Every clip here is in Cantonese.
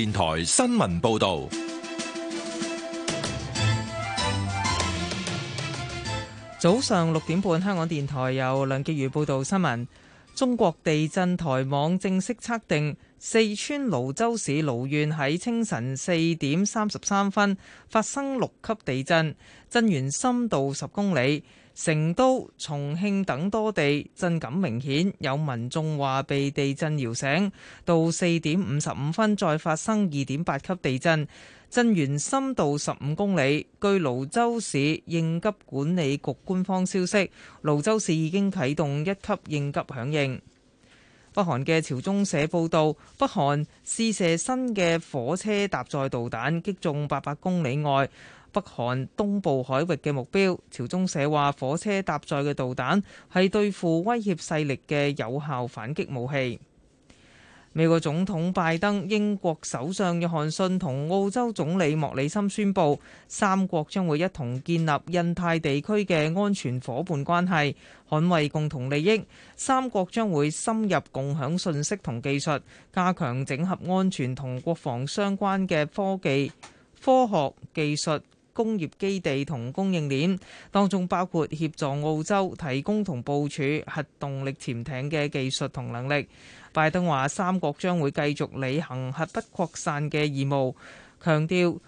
電台新聞報道，早上六點半，香港電台由梁潔如報道新聞。中國地震台網正式測定，四川瀘州市瀘縣喺清晨四點三十三分發生六級地震，震源深度十公里。成都、重慶等多地震感明顯，有民眾話被地震搖醒。到四點五十五分，再發生二點八級地震，震源深度十五公里。據瀘州市應急管理局官方消息，瀘州市已經啟動一級應急響應。北韓嘅朝中社報道，北韓試射新嘅火車搭載導彈，擊中八百公里外，北韓東部海域嘅目標，朝中社話火車搭載嘅導彈係對付威脅勢力嘅有效反擊武器。美國總統拜登、英國首相約翰遜同澳洲總理莫里森宣布，三國將會一同建立印太地區嘅安全夥伴關係，捍衞共同利益。三國將會深入共享信息同技術，加強整合安全同國防相關嘅科技、科學、技術。工業基地同供應鏈當中，包括協助澳洲提供同部署核動力潛艇嘅技術同能力。拜登話，三國將會繼續履行核不擴散嘅義務，強調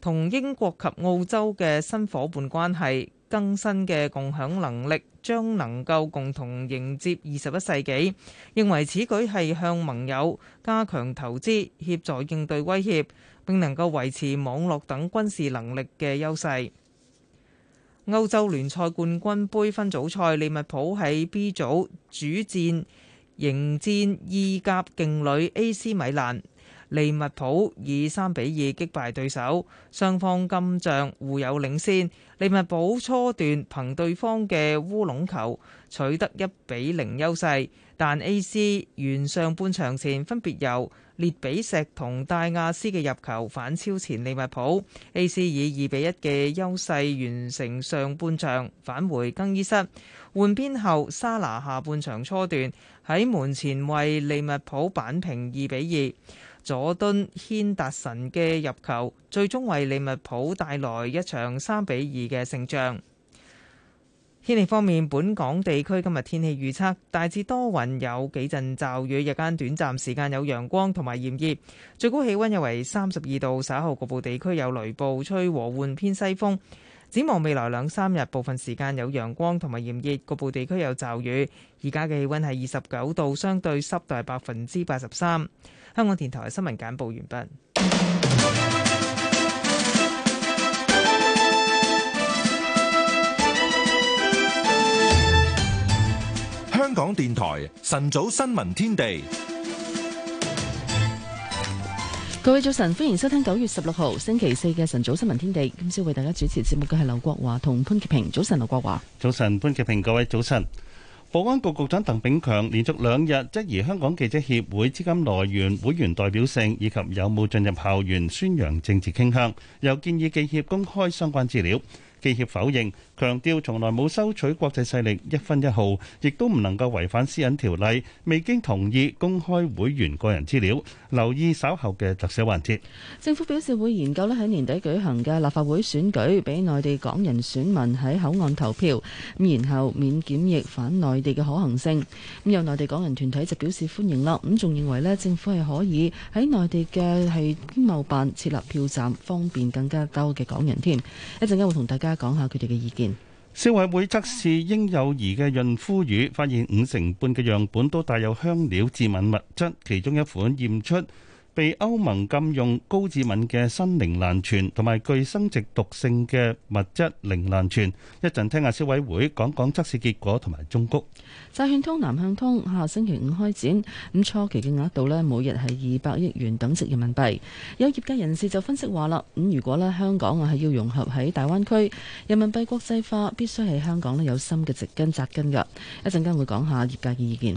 同英國及澳洲嘅新夥伴關係、更新嘅共享能力，將能夠共同迎接二十一世紀。認為此舉係向盟友加強投資，協助應對威脅。並能夠維持網絡等軍事能力嘅優勢。歐洲聯賽冠軍杯分組賽，利物浦喺 B 組主戰迎戰意甲勁旅 AC 米蘭。利物浦以三比二擊敗對手，雙方今仗互有領先。利物浦初段憑對方嘅烏龍球，取得一比零優勢，但 A.C. 完上半場前分別由列比錫同戴亞斯嘅入球反超前利物浦。A.C. 以二比一嘅優勢完成上半場返回更衣室換邊後，沙拿下半場初段喺門前為利物浦扳平二比二。佐敦軒達臣嘅入球，最終為利物浦帶來一場三比二嘅勝仗。天氣方面，本港地區今日天，天氣預測大致多雲，有幾陣驟雨，日間短暫時間有陽光同埋炎熱，最高氣温約為三十二度。稍後局部地區有雷暴，吹和緩偏西風。展望未來兩三日，部分時間有陽光同埋炎熱，局部地區有驟雨。而家嘅氣温係二十九度，相對濕度係百分之八十三。香港電台新聞簡報完畢。香港電台晨早新聞天地，各位早晨，歡迎收聽九月十六號星期四嘅晨早新聞天地。今朝為大家主持節目嘅係劉國華同潘潔平。早晨，劉國華，早晨，潘潔平，各位早晨。保安局局長鄧炳強連續兩日質疑香港記者協會資金來源、會員代表性以及有冇進入校園宣揚政治傾向，又建議記協公開相關資料。記協否認，強調從來冇收取國際勢力一分一毫，亦都唔能夠違反私隱條例，未經同意公開會員個人資料。留意稍後嘅特寫環節。政府表示會研究咧喺年底舉行嘅立法會選舉，俾內地港人選民喺口岸投票，咁然後免檢疫返內地嘅可行性。咁有內地港人團體就表示歡迎啦，咁仲認為咧政府係可以喺內地嘅係經貿辦設立票站，方便更加多嘅港人添。一陣間會同大家，講下佢哋嘅意見。消委會測試嬰幼兒嘅潤膚乳，發現五成半嘅樣本都帶有香料致敏物質，其中一款驗出。被歐盟禁用高致敏嘅新鈴蘭醛同埋具生殖毒性嘅物質鈴蘭醛。一陣聽下消委會講講測試結果。同埋中國債券通南向通下星期五開展，咁初期嘅額度咧，每日係二百億元等值人民幣。有業界人士就分析話啦，咁如果咧香港啊係要融合喺大灣區，人民幣國際化必須喺香港咧有深嘅植根扎根嘅。會會一陣間會講下業界嘅意見。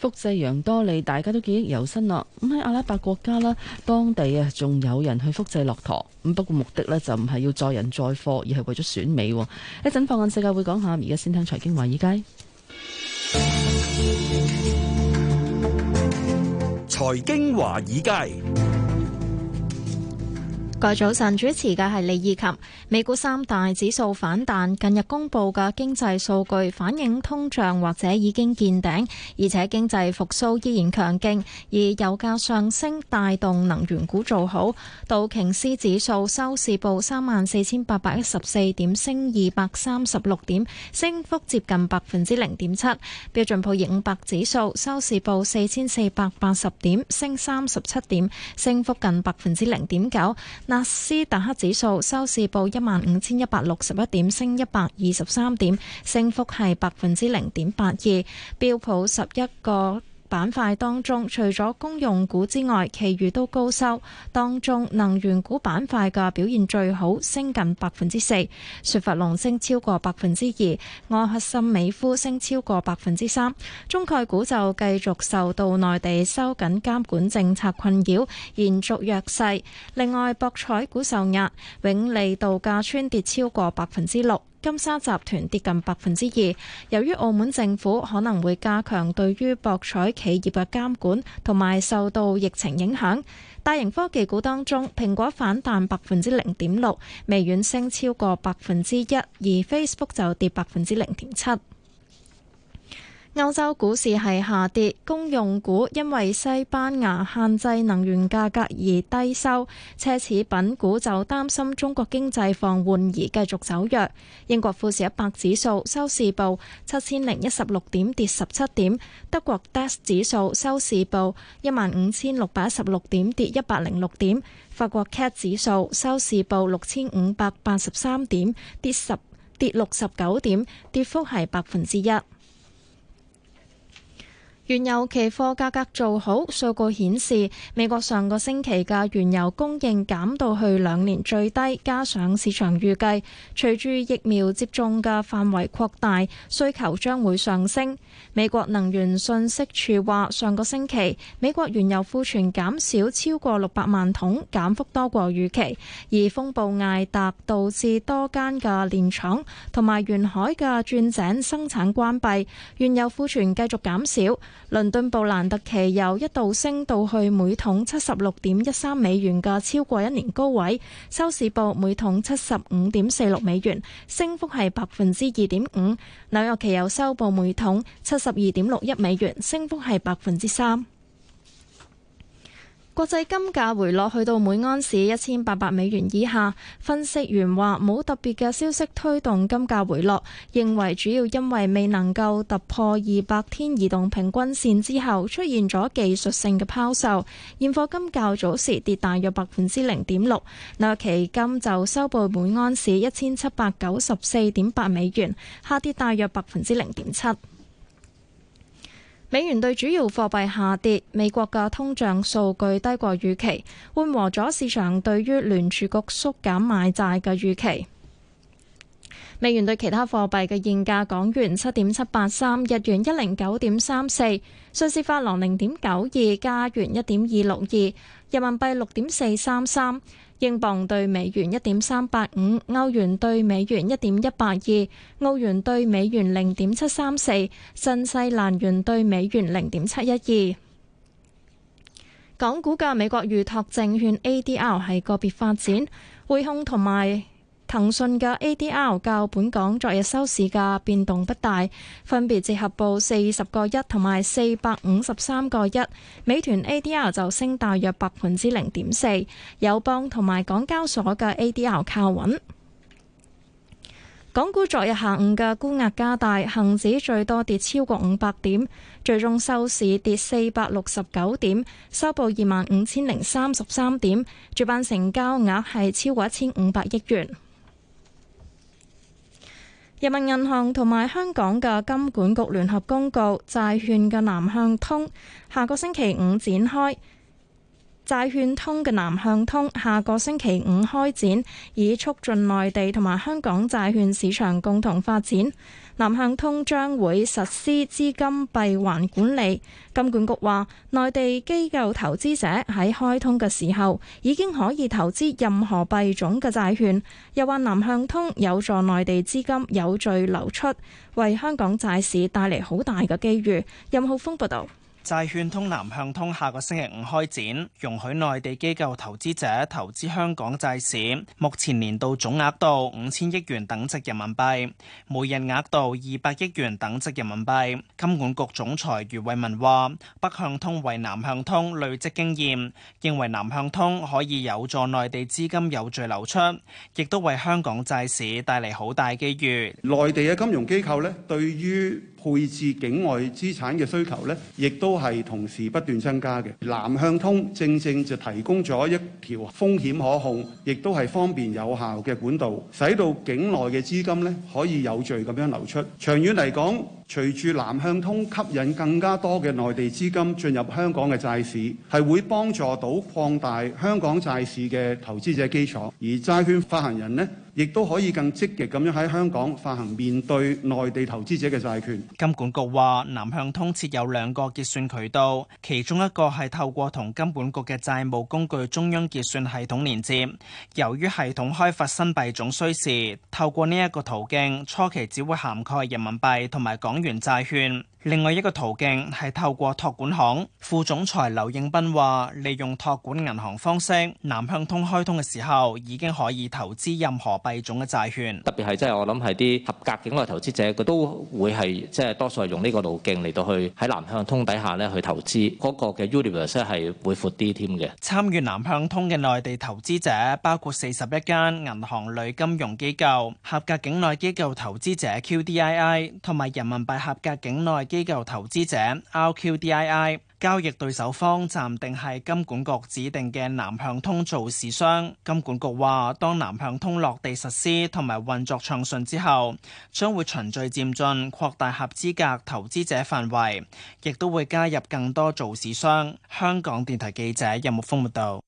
複製羊多利，大家都記憶猶新啦。咁喺阿拉伯國家啦，當地啊仲有人去複製駱駝。咁不過目的呢，就唔係要載人載貨，而係為咗選美。一陣放眼世界會講下，而家先聽財經華爾街。財經華爾街。各位早晨，主持嘅係李以琴。美股三大指數反彈。近日公布嘅經濟數據反映通脹或者已經見頂，而且經濟復甦依然強勁，而油價上升帶動能源股做好。道瓊斯指數收市報三萬四千八百一十四點，升二百三十六點，升幅接近百分之零點七。標準普爾五百指數收市報四千四百八十點，升三十七點，升幅近百分之零點九。納斯達克指數收市報一萬五千一百六十一點，升一百二十三點，升幅係百分之零點八二，標普十一個。板塊當中，除咗公用股之外，其餘都高收。當中能源股板塊嘅表現最好，升近百分之四。雪佛龍升超過百分之二，埃克森美孚升超過百分之三。中概股就繼續受到內地收緊監管政策困擾，延續弱勢。另外，博彩股受壓，永利度假村跌超過百分之六。金沙集團跌近百分之二，由於澳門政府可能會加強對於博彩企業嘅監管，同埋受到疫情影響，大型科技股當中，蘋果反彈百分之零點六，微軟升超過百分之一，而 Facebook 就跌百分之零點七。歐洲股市係下跌，公用股因為西班牙限制能源價格而低收，奢侈品股就擔心中國經濟放緩而繼續走弱。英國富時一百指數收市報七千零一十六點，跌十七點。德國 DAX 指數收市報一萬五千六百一十六點，跌一百零六點。法國 CAC 指數收市報六千五百八十三點，跌十跌六十九點，跌幅係百分之一。原油期貨價格做好，數據顯示美國上個星期嘅原油供應減到去兩年最低，加上市場預計隨住疫苗接種嘅範圍擴大，需求將會上升。美國能源信息署話上個星期美國原油庫存減少超過六百萬桶，減幅多過預期。而風暴艾達導致多間嘅煉廠同埋沿海嘅鑽井生產關閉，原油庫存繼續減少。倫敦布蘭特期油一度升到去每桶七十六點一三美元嘅超過一年高位，收市報每桶七十五點四六美元，升幅係百分之二點五。紐約期油收報每桶七十二點六一美元，升幅係百分之三。國際金價回落去到每盎司一千八百美元以下，分析員話冇特別嘅消息推動金價回落，認為主要因為未能夠突破二百天移動平均線之後出現咗技術性嘅拋售。現貨金較早時跌大約百分之零點六，那期金就收報每盎司一千七百九十四點八美元，下跌大約百分之零點七。美元對主要貨幣下跌，美國嘅通脹數據低過預期，緩和咗市場對於聯儲局縮減買債嘅預期。美元對其他貨幣嘅現價：港元七點七八三，日元一零九點三四，瑞士法郎零點九二，加元一點二六二，人民幣六點四三三，英鎊對美元一點三八五，歐元對美元一點一八二，澳元對美元零點七三四，新西蘭元對美元零點七一二。港股嘅美國預託證券 ADR 係個別發展，匯控同埋，騰訊嘅 A D R 較本港昨日收市價變動不大，分別折合報四十個一同埋四百五十三個一。美團 A D R 就升大約百分之零點四，友邦同埋港交所嘅 A D R 靠穩。港股昨日下午嘅沽額加大，恒指最多跌超過五百點，最終收市跌四百六十九點，收報二萬五千零三十三點。主板成交額係超過一千五百億元。人民銀行同埋香港嘅金管局聯合公告，債券嘅南向通下個星期五展開，債券通嘅南向通下個星期五開展，以促進內地同埋香港債券市場共同發展。南向通將會實施資金閉環管理，金管局話：內地機構投資者喺開通嘅時候已經可以投資任何幣種嘅債券，又話南向通有助內地資金有序流出，為香港債市帶嚟好大嘅機遇。任浩峰報道。債券通南向通下個星期五開展，容許內地機構投資者投資香港債市，目前年度總額度五千億元等值人民幣，每人額度二百億元等值人民幣。金管局總裁余偉文話，北向通為南向通累積經驗，認為南向通可以有助內地資金有序流出，亦都為香港債市帶嚟好大機遇。內地嘅金融機構咧，對於配置境外資產嘅需求呢，亦都係同時不斷增加嘅。南向通正正就提供咗一條風險可控，亦都係方便有效嘅管道，使到境內嘅資金呢可以有序咁樣流出。長遠嚟講，隨住南向通吸引更加多嘅內地資金進入香港嘅債市，係會幫助到擴大香港債市嘅投資者基礎，而債券發行人呢，亦都可以更積極咁樣喺香港發行面對內地投資者嘅債券。金管局話，南向通設有兩個結算渠道，其中一個係透過同金管局嘅債務工具中央結算系統連接。由於系統開發新幣種需時，透過呢一個途徑，初期只會涵蓋人民幣同埋港元債券。另外一個途徑係透過託管行，副總裁劉應斌話，利用託管銀行方式，南向通開通嘅時候，已經可以投資任何幣種嘅債券。特別係即係我諗係啲合格境內投資者，佢都會係即係多數係用呢個路徑嚟到去喺南向通底下咧去投資，嗰個嘅 universal 係會闊啲添嘅。參與南向通嘅內地投資者包括四十一間銀行類金融機構、合格境內機構投資者 QDII 同埋人民幣合格境內。機構投資者 RQDII 交易對手方暫定係金管局指定嘅南向通做市商。金管局話，當南向通落地實施同埋運作暢順之後，將會循序漸進擴大合資格投資者範圍，亦都會加入更多做市商。香港電台記者任木峯報道。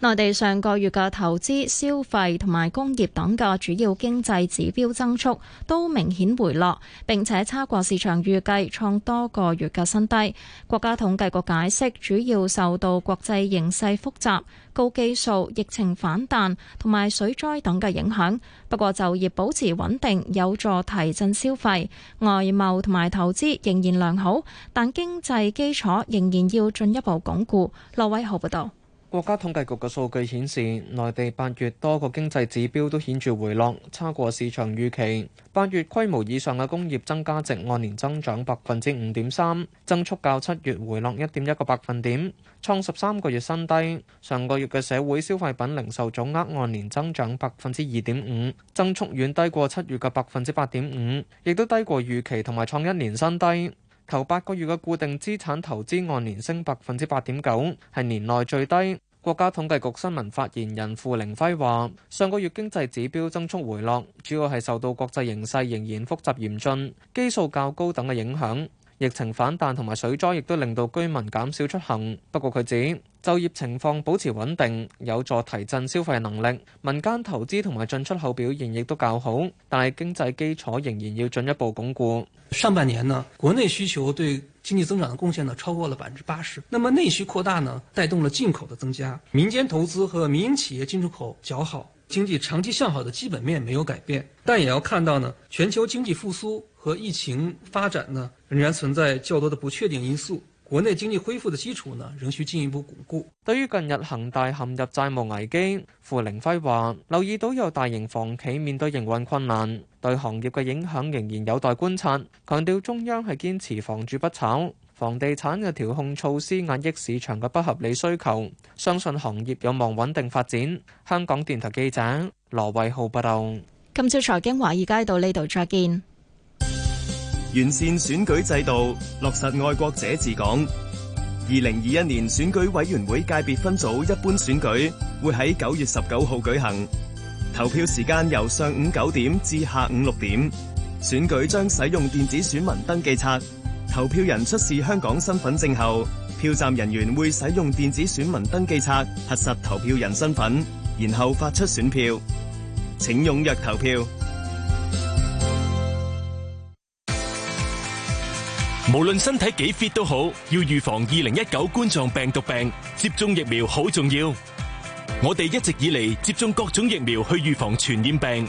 內地上個月嘅投資、消費同埋工業等嘅主要經濟指標增速都明顯回落，並且差過市場預計，創多個月嘅新低。國家統計局解釋，主要受到國際形勢複雜、高技術、疫情反彈同埋水災等嘅影響。不過就業保持穩定，有助提振消費。外貿同埋投資仍然良好，但經濟基礎仍然要進一步鞏固。羅偉豪報導。國家統計局嘅數據顯示，內地八月多個經濟指標都顯著回落，差過市場預期。八月規模以上嘅工業增加值按年增長百分之五點三，增速較七月回落一點一個百分點，創十三個月新低。上個月嘅社會消費品零售總額按年增長百分之二點五，增速遠低過七月嘅百分之八點五，亦都低過預期，同埋創一年新低。頭八個月嘅固定資產投資按年升百分之八點九，係年內最低。國家統計局新聞發言人付凌暉話，上個月經濟指標增速回落，主要係受到國際形勢仍然複雜嚴峻、基數較高等嘅影響。疫情反彈同埋水災，亦都令到居民減少出行。不過佢指就業情況保持穩定，有助提振消費能力。民間投資同埋進出口表現亦都較好，但係經濟基礎仍然要進一步鞏固。上半年呢，國內需求對經濟增長的貢獻呢，超過了百分之八十。那麼內需擴大呢，帶動了進口的增加，民間投資和民營企業進出口較好，經濟長期向好的基本面沒有改變。但也要看到呢，全球經濟復甦，和疫情發展呢，仍然存在較多的不確定因素。國內經濟恢復的基礎呢，仍需進一步鞏固。對於近日恒大陷入債務危機，付凌暉話：留意到有大型房企面對營運困難，對行業嘅影響仍然有待觀察。強調中央係堅持房住不炒，房地產嘅調控措施壓抑市場嘅不合理需求，相信行業有望穩定發展。香港電台記者羅偉浩報道。今朝財經華爾街到呢度再見。完善選舉制度，落實愛國者治港。二零二一年選舉委員會界別分組一般選舉會喺九月十九號舉行，投票時間由上午九點至下午六點。選舉將使用電子選民登記冊，投票人出示香港身份證後，票站人員會使用電子選民登記冊，核實投票人身份，然後發出選票。請踴躍投票。無論身體幾 fit 都好，要預防二零一九冠狀病毒病，接種疫苗好重要。我哋一直以嚟，接種各種疫苗去預防傳染病，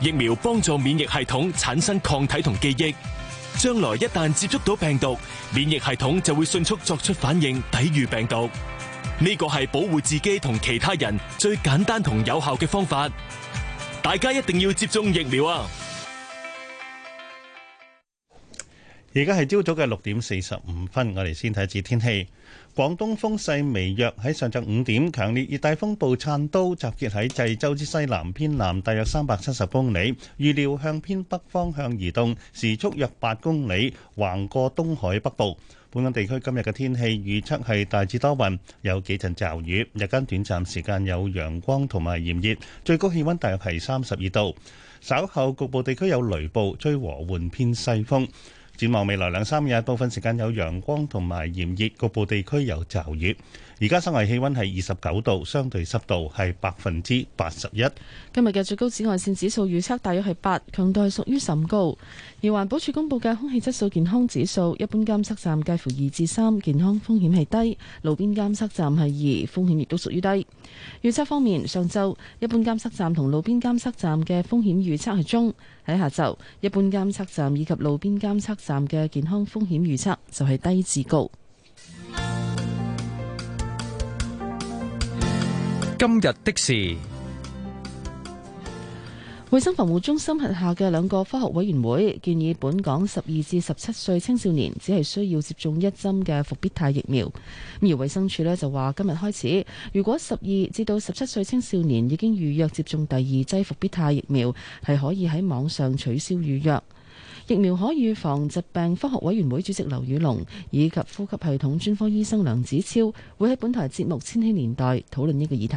疫苗幫助免疫系統產生抗體同記憶，將來一旦接觸到病毒，免疫系統就會迅速作出反應，抵禦病毒。呢個係保護自己同其他人最簡單同有效嘅方法，大家一定要接種疫苗啊！而家係朝早嘅六點四十五分，我哋先睇下啲天氣。廣東風勢微弱，喺上晝五點，強烈熱帶風暴燦都集結喺濟州之西南偏南，大約三百七十公里。預料向偏北方向移動，時速約八公里，橫過東海北部。本港地區今日嘅天氣預測係大致多雲，有幾陣驟雨。日間短暫時間有陽光同埋炎熱，最高氣温大約係三十二度。稍後局部地區有雷暴，吹和緩偏西風。展望未來兩三日，部分時間有陽光同埋炎熱，局部地區有驟雨。而家室外氣溫係二十九度，相對濕度係百分之八十一。今日嘅最高紫外線指數預測大約係八，強度係屬於甚高。而環保署公布嘅空氣質素健康指數，一般監測站介乎二至三，健康風險係低；路邊監測站係二，風險亦都屬於低。預測方面，上晝一般監測站同路邊監測站嘅風險預測係中；喺下晝，一般監測站以及路邊監測站嘅健康風險預測就係低至高。 今日的事，衛生防護中心轄下嘅兩個科學委員會建議，本港十二至十七歲青少年只係需要接種一針嘅復必泰疫苗。而衛生署呢就話，今日開始，如果十二至到十七歲青少年已經預約接種第二劑復必泰疫苗，係可以喺網上取消預約。疫苗可預防疾病，科學委員會主席劉宇龍以及呼吸系統專科醫生梁子超會喺本台節目《千禧年代》討論呢個議題。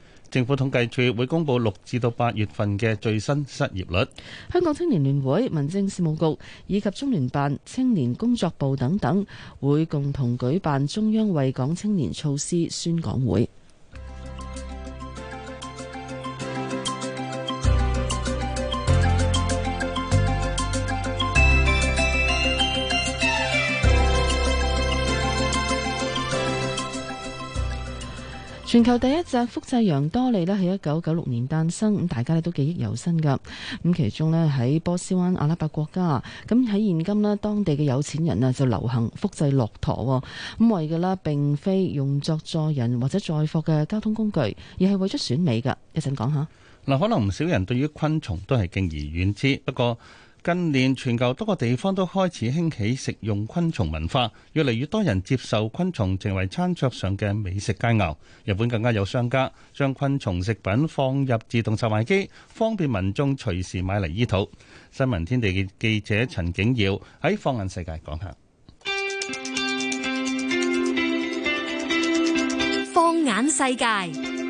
政府統計處會公布六至到八月份嘅最新失業率。香港青年聯會、民政事務局以及中聯辦青年工作部等等，會共同舉辦中央為港青年措施宣講會。全球第一隻複製羊多利咧，喺一九九六年誕生，咁大家咧都記憶猶新噶。咁其中咧喺波斯灣阿拉伯國家，咁喺現今咧當地嘅有錢人啊，就流行複製駱駝，咁為嘅咧並非用作載人或者載貨嘅交通工具，而係為咗選美噶。一陣講下。嗱，可能唔少人對於昆蟲都係敬而遠之，不過，近年全球多個地方都開始興起食用昆蟲文化，越嚟越多人接受昆蟲成為餐桌上嘅美食佳肴。日本更加有商家將昆蟲食品放入自動售賣機，方便民眾隨時買嚟醫肚。新聞天地記者陳景耀喺放眼世界講下。放眼世界。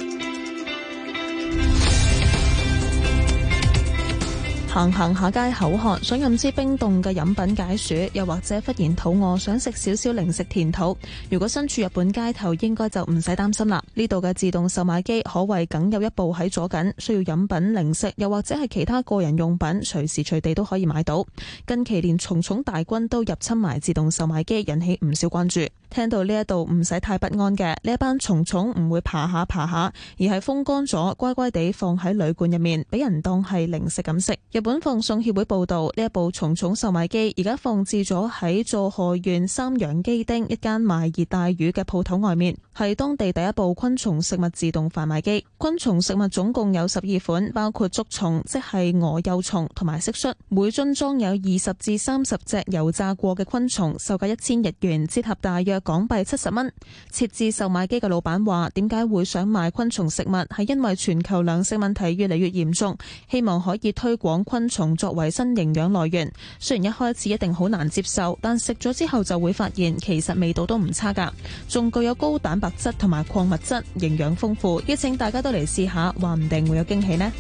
行行下街口渴，想飲支冰凍嘅飲品解暑，又或者忽然肚餓，想食少少零食填肚。如果身處日本街頭，應該就唔使擔心啦。呢度嘅自動售賣機可謂梗有一部喺左近，需要飲品、零食，又或者係其他個人用品，隨時隨地都可以買到。近期連蟲蟲大軍都入侵埋自動售賣機，引起唔少關注。聽到呢一度唔使太不安嘅，呢一班蟲蟲唔會爬下爬下，而係風乾咗，乖乖地放喺旅館入面，俾人當係零食咁食。日本放送協會報導，呢一部蟲蟲售賣機而家放置咗喺佐賀縣三養基町一間賣熱帶魚嘅鋪頭外面，係當地第一部昆蟲食物自動販賣機。昆蟲食物總共有十二款，包括竹蟲，即係蛾幼蟲同埋蟋蟀，每樽裝有二十至三十隻油炸過嘅昆蟲，售價一千日元，折合大約，港幣七十蚊，設置售賣機嘅老闆話：點解會想賣昆蟲食物？係因為全球糧食問題越嚟越嚴重，希望可以推廣昆蟲作為新營養來源。雖然一開始一定好難接受，但食咗之後就會發現其實味道都唔差噶，仲具有高蛋白質同埋礦物質，營養豐富。邀請大家都嚟試下，話唔定會有驚喜呢！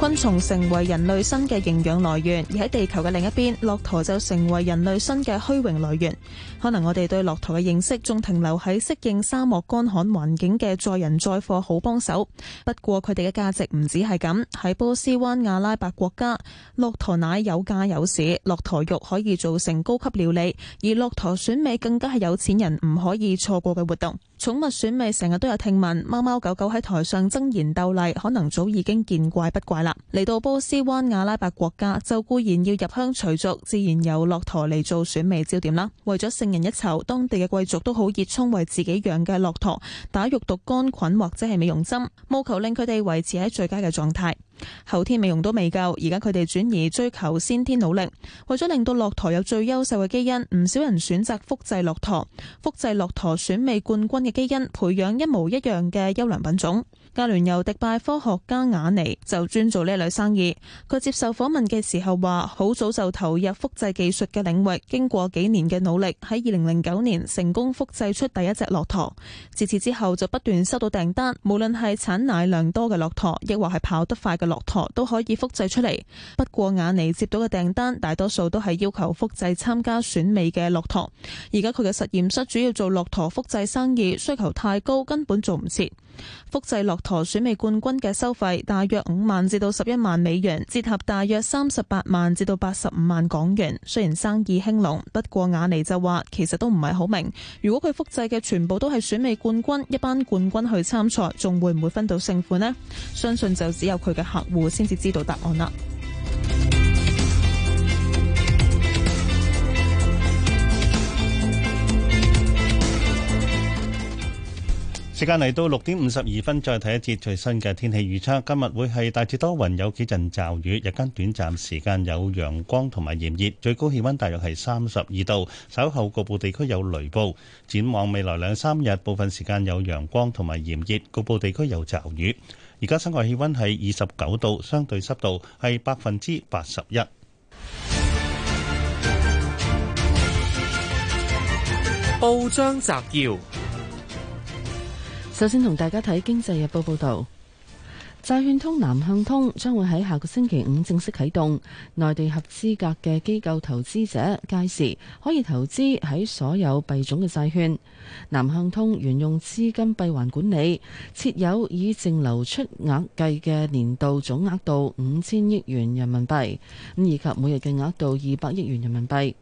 昆蟲成為人類新嘅營養來源，而喺地球嘅另一邊，駱駝就成為人類新嘅虛榮來源。可能我哋對駱駝嘅認識仲停留喺適應沙漠乾旱環境嘅載人載貨好幫手。不過佢哋嘅價值唔止係咁，喺波斯灣阿拉伯國家，駱駝奶有價有市，駱駝肉可以做成高級料理，而駱駝選美更加係有錢人唔可以錯過嘅活動。寵物選美成日都有聽聞貓貓狗狗喺台上爭妍鬥麗，可能早已經見怪不怪啦。嚟到波斯灣阿拉伯國家就固然要入鄉隨俗，自然由駱駝嚟做選美焦點啦。為咗成人一籌，當地嘅貴族都好熱衷為自己養嘅駱駝打肉毒杆菌或者係美容針，務求令佢哋維持喺最佳嘅狀態。後天美容都未夠，而家佢哋轉移追求先天努力，為咗令到駱駝有最優秀嘅基因，唔少人選擇複製駱駝，複製駱駝選美冠軍嘅基因，培養一模一樣嘅優良品種。阿聯酋迪拜科學家雅尼就專做呢類生意。佢接受訪問嘅時候話，好早就投入複製技術嘅領域，經過幾年嘅努力，喺二零零九年成功複製出第一隻駱駝。自此之後就不斷收到訂單，無論係產奶量多嘅駱駝，亦或係跑得快嘅駱駝。駱駝都可以複製出嚟，不過雅尼接到嘅訂單大多數都係要求複製參加選美嘅駱駝，而家佢嘅實驗室主要做駱駝複製生意，需求太高，根本做唔切。複製駱駝選美冠軍嘅收費大約五萬至到十一萬美元，折合大約三十八萬至到八十五萬港元。雖然生意興隆，不過雅尼就話其實都唔係好明。如果佢複製嘅全部都係選美冠軍，一班冠軍去參賽，仲會唔會分到勝負呢？相信就只有佢嘅客戶先至知道答案啦。時間嚟到六點五十二分，再睇一節最新嘅天氣預測。今日會係大致多雲，有幾陣驟雨，日間短暫時間有陽光同埋炎熱，最高氣温大約係三十二度。稍後局部地區有雷暴。展望未來兩三日，部分時間有陽光同埋炎熱，局部地區有驟雨。而家室外氣温係二十九度，相對濕度係百分之八十一。報章摘要。首先同大家睇《經濟日報》報導，債券通南向通將會喺下個星期五正式啟動，內地合資格嘅機構投資者屆時可以投資喺所有幣種嘅債券。南向通沿用資金閉環管理，設有以淨流出額計嘅年度總額度五千億元人民幣，咁以及每日嘅額度二百億元人民幣。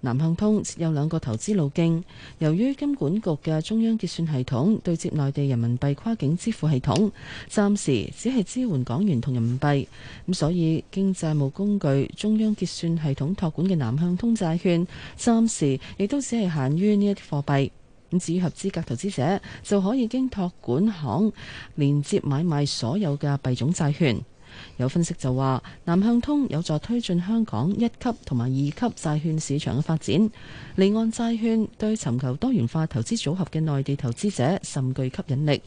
南向通設有兩個投資路徑，由於金管局嘅中央結算系統對接內地人民幣跨境支付系統，暫時只係支援港元同人民幣，咁所以經債務工具中央結算系統託管嘅南向通債券，暫時亦都只係限於呢一啲貨幣。咁至於合資格投資者，就可以經託管行連接買賣所有嘅幣種債券。有分析就話，南向通有助推進香港一級同埋二級債券市場嘅發展，離岸債券對尋求多元化投資組合嘅內地投資者甚具吸引力。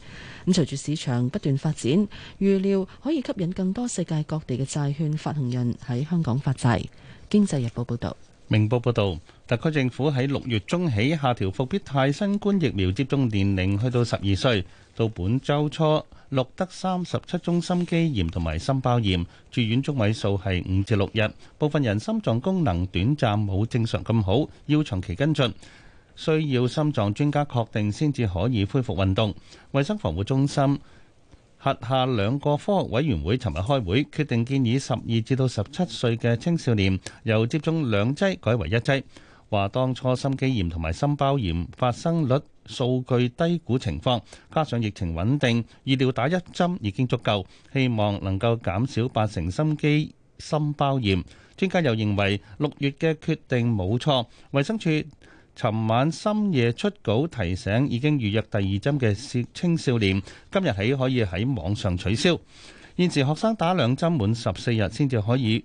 咁隨住市場不斷發展，預料可以吸引更多世界各地嘅債券發行人喺香港發債。經濟日報報導。明報報導，特區政府喺六月中起下調復必泰新冠疫苗接種年齡，去到十二歲。到本週初，錄得三十七宗心肌炎同埋心包炎，住院中位數係五至六日。部分人心臟功能短暫冇正常咁好，要長期跟進，需要心臟專家確定先至可以恢復運動。衞生防護中心轄下兩個科學委員會，尋日開會決定建議十二至到十七歲嘅青少年由接種兩劑改為一劑。話當初心肌炎同埋心包炎發生率數據低估情況，加上疫情穩定，預料打一針已經足夠，希望能夠減少八成心肌心包炎。專家又認為六月嘅決定冇錯，衞生署。尋晚深夜出稿提醒，已經預約第二針嘅青少年，今日起可以喺網上取消。現時學生打兩針滿十四日先至可以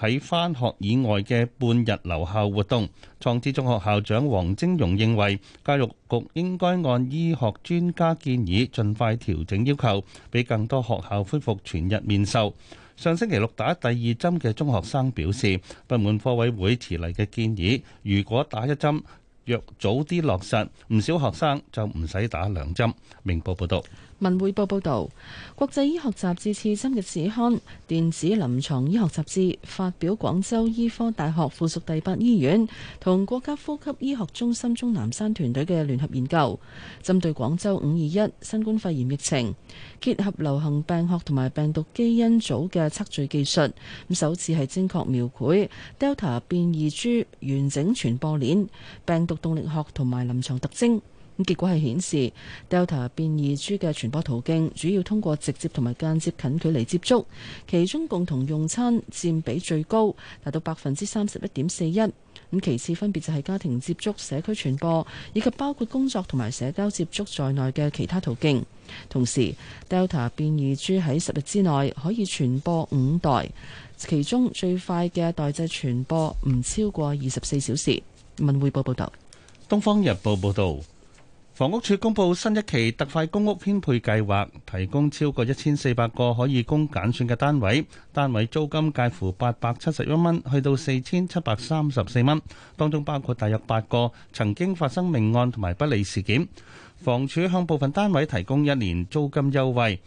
喺返學以外嘅半日留校活動。創知中學校長黃晶榕認為，教育局應該按醫學專家建議，盡快調整要求，俾更多學校恢復全日面授。上星期六打第二針嘅中學生表示不滿科委會遲嚟嘅建議，如果打一針，若早啲落實，唔少學生就唔使打兩針。明報報道，文匯報報道國際醫學雜誌《刺針》嘅子刊電子臨床醫學雜誌發表廣州醫科大學附屬第八醫院同國家呼吸醫學中心鍾南山團隊嘅聯合研究，針對廣州五二一新冠肺炎疫情，結合流行病學同埋病毒基因組嘅測序技術，首次係精確描繪 Delta 變異株完整傳播鏈病毒動力學同埋臨床特徵咁，結果係顯示 Delta 變異株嘅傳播途徑主要通過直接同埋間接近距離接觸，其中共同用餐佔比最高，達到百分之三十一點四一。咁其次分別就係家庭接觸、社區傳播以及包括工作同埋社交接觸在內嘅其他途徑。同時，Delta 變異株喺十日之內可以傳播五代，其中最快嘅代際傳播唔超過二十四小時。文匯報報道。《東方日報》報道，房屋署公布新一期特快公屋編配計劃，提供超過一千四百個可以供揀選嘅單位，單位租金介乎八百七十一蚊，去到四千七百三十四蚊，當中包括大約八個曾經發生命案同埋不利事件，房署向部分單位提供一年租金優惠。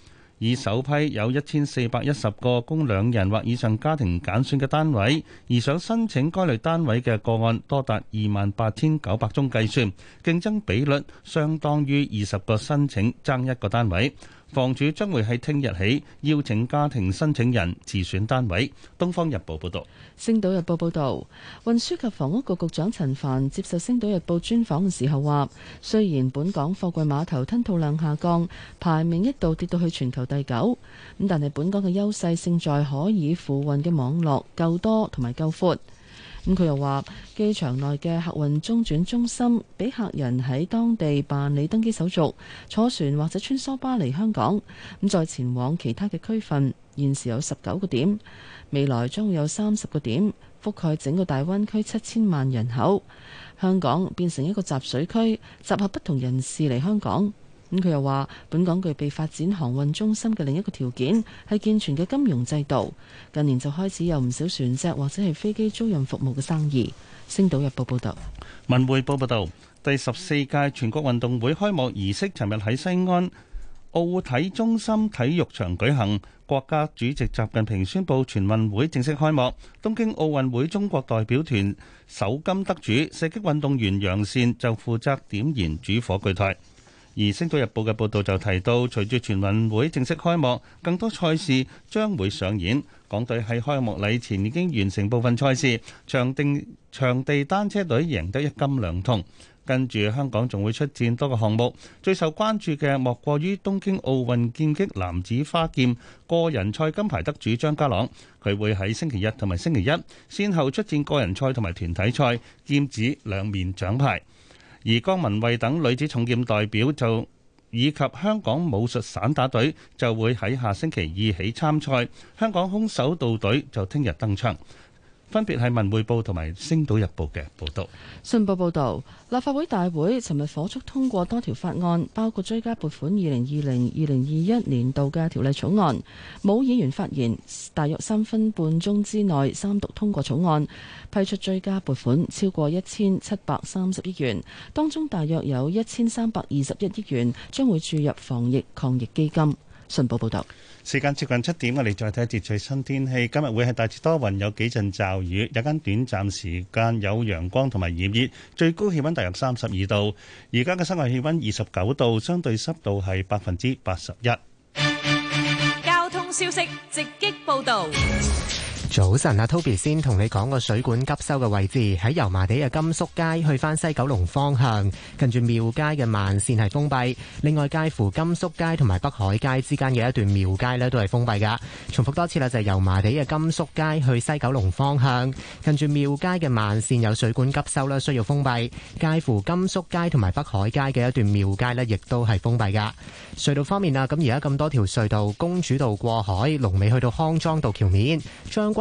以首批有一千四百一十個供兩人或以上家庭揀選嘅單位，而想申請該類單位嘅個案多達二萬八千九百宗計算，競爭比率相當於二十個申請爭一個單位。房主將會喺聽日起邀請家庭申請人自選單位。《東方日報,報道》報導，《星島日報》報導，運輸及房屋局局,局長陳帆接受《星島日報》專訪嘅時候話，雖然本港貨櫃碼頭吞吐量下降，排名一度跌到去全球第九，咁但係本港嘅優勢勝在可以附運嘅網絡夠多同埋夠闊。咁佢又話：機場內嘅客運中轉中心，俾客人喺當地辦理登機手續，坐船或者穿梭巴嚟香港，咁再前往其他嘅區份。現時有十九個點，未來將會有三十個點，覆蓋整個大灣區七千萬人口。香港變成一個集水區，集合不同人士嚟香港。咁佢又話，本港具備發展航運中心嘅另一個條件係健全嘅金融制度。近年就開始有唔少船隻或者係飛機租用服務嘅生意。星島日報報道，文匯報報道，第十四屆全國運動會開幕儀式尋日喺西安奧體中心體育場舉行，國家主席習近平宣布全運會正式開幕。東京奧運會中國代表團首金得主射擊運動員楊倩就負責點燃主火炬台。而《星島日報》嘅報導就提到，隨住全運會正式開幕，更多賽事將會上演。港隊喺開幕禮前已經完成部分賽事，場定場地單車隊贏得一金兩銅。跟住香港仲會出戰多個項目，最受關注嘅莫過於東京奧運劍擊男子花劍個人賽金牌得主張家朗，佢會喺星期日同埋星期一，先後出戰個人賽同埋團體賽，劍指兩面獎牌。而江文蔚等女子重劍代表就以及香港武術散打隊就會喺下星期二起參賽，香港空手道隊就聽日登場。分別係《文匯報》同埋《星島日報》嘅報道。信報報導，立法會大會尋日火速通過多條法案，包括追加撥款2020-2021年度嘅條例草案。冇議員發言，大約三分半鐘之內三讀通過草案，批出追加撥款超過一千七百三十億元，當中大約有一千三百二十一億元將會注入防疫抗疫基金。信報報導。時間接近七點，我哋再睇一節最新天氣。今日會係大致多雲，有幾陣驟雨，有間短暫時間有陽光同埋炎熱，最高氣溫大約三十二度。而家嘅室外氣溫二十九度，相對濕度係百分之八十一。交通消息直擊報道。早晨，阿 Toby 先同你講個水管急修嘅位置，喺油麻地嘅甘肅街去翻西九龍方向，近住廟街嘅慢線係封閉。另外，介乎甘肅街同埋北海街之間嘅一段廟街咧都係封閉噶。重複多次啦，就係油麻地嘅甘肅街去西九龍方向，近住廟街嘅慢線有水管急修咧，需要封閉。介乎甘肅街同埋北海街嘅一段廟街咧，亦都係封閉噶。隧道方面啊，咁而家咁多條隧道，公主道過海，龍尾去到康莊道橋面，將軍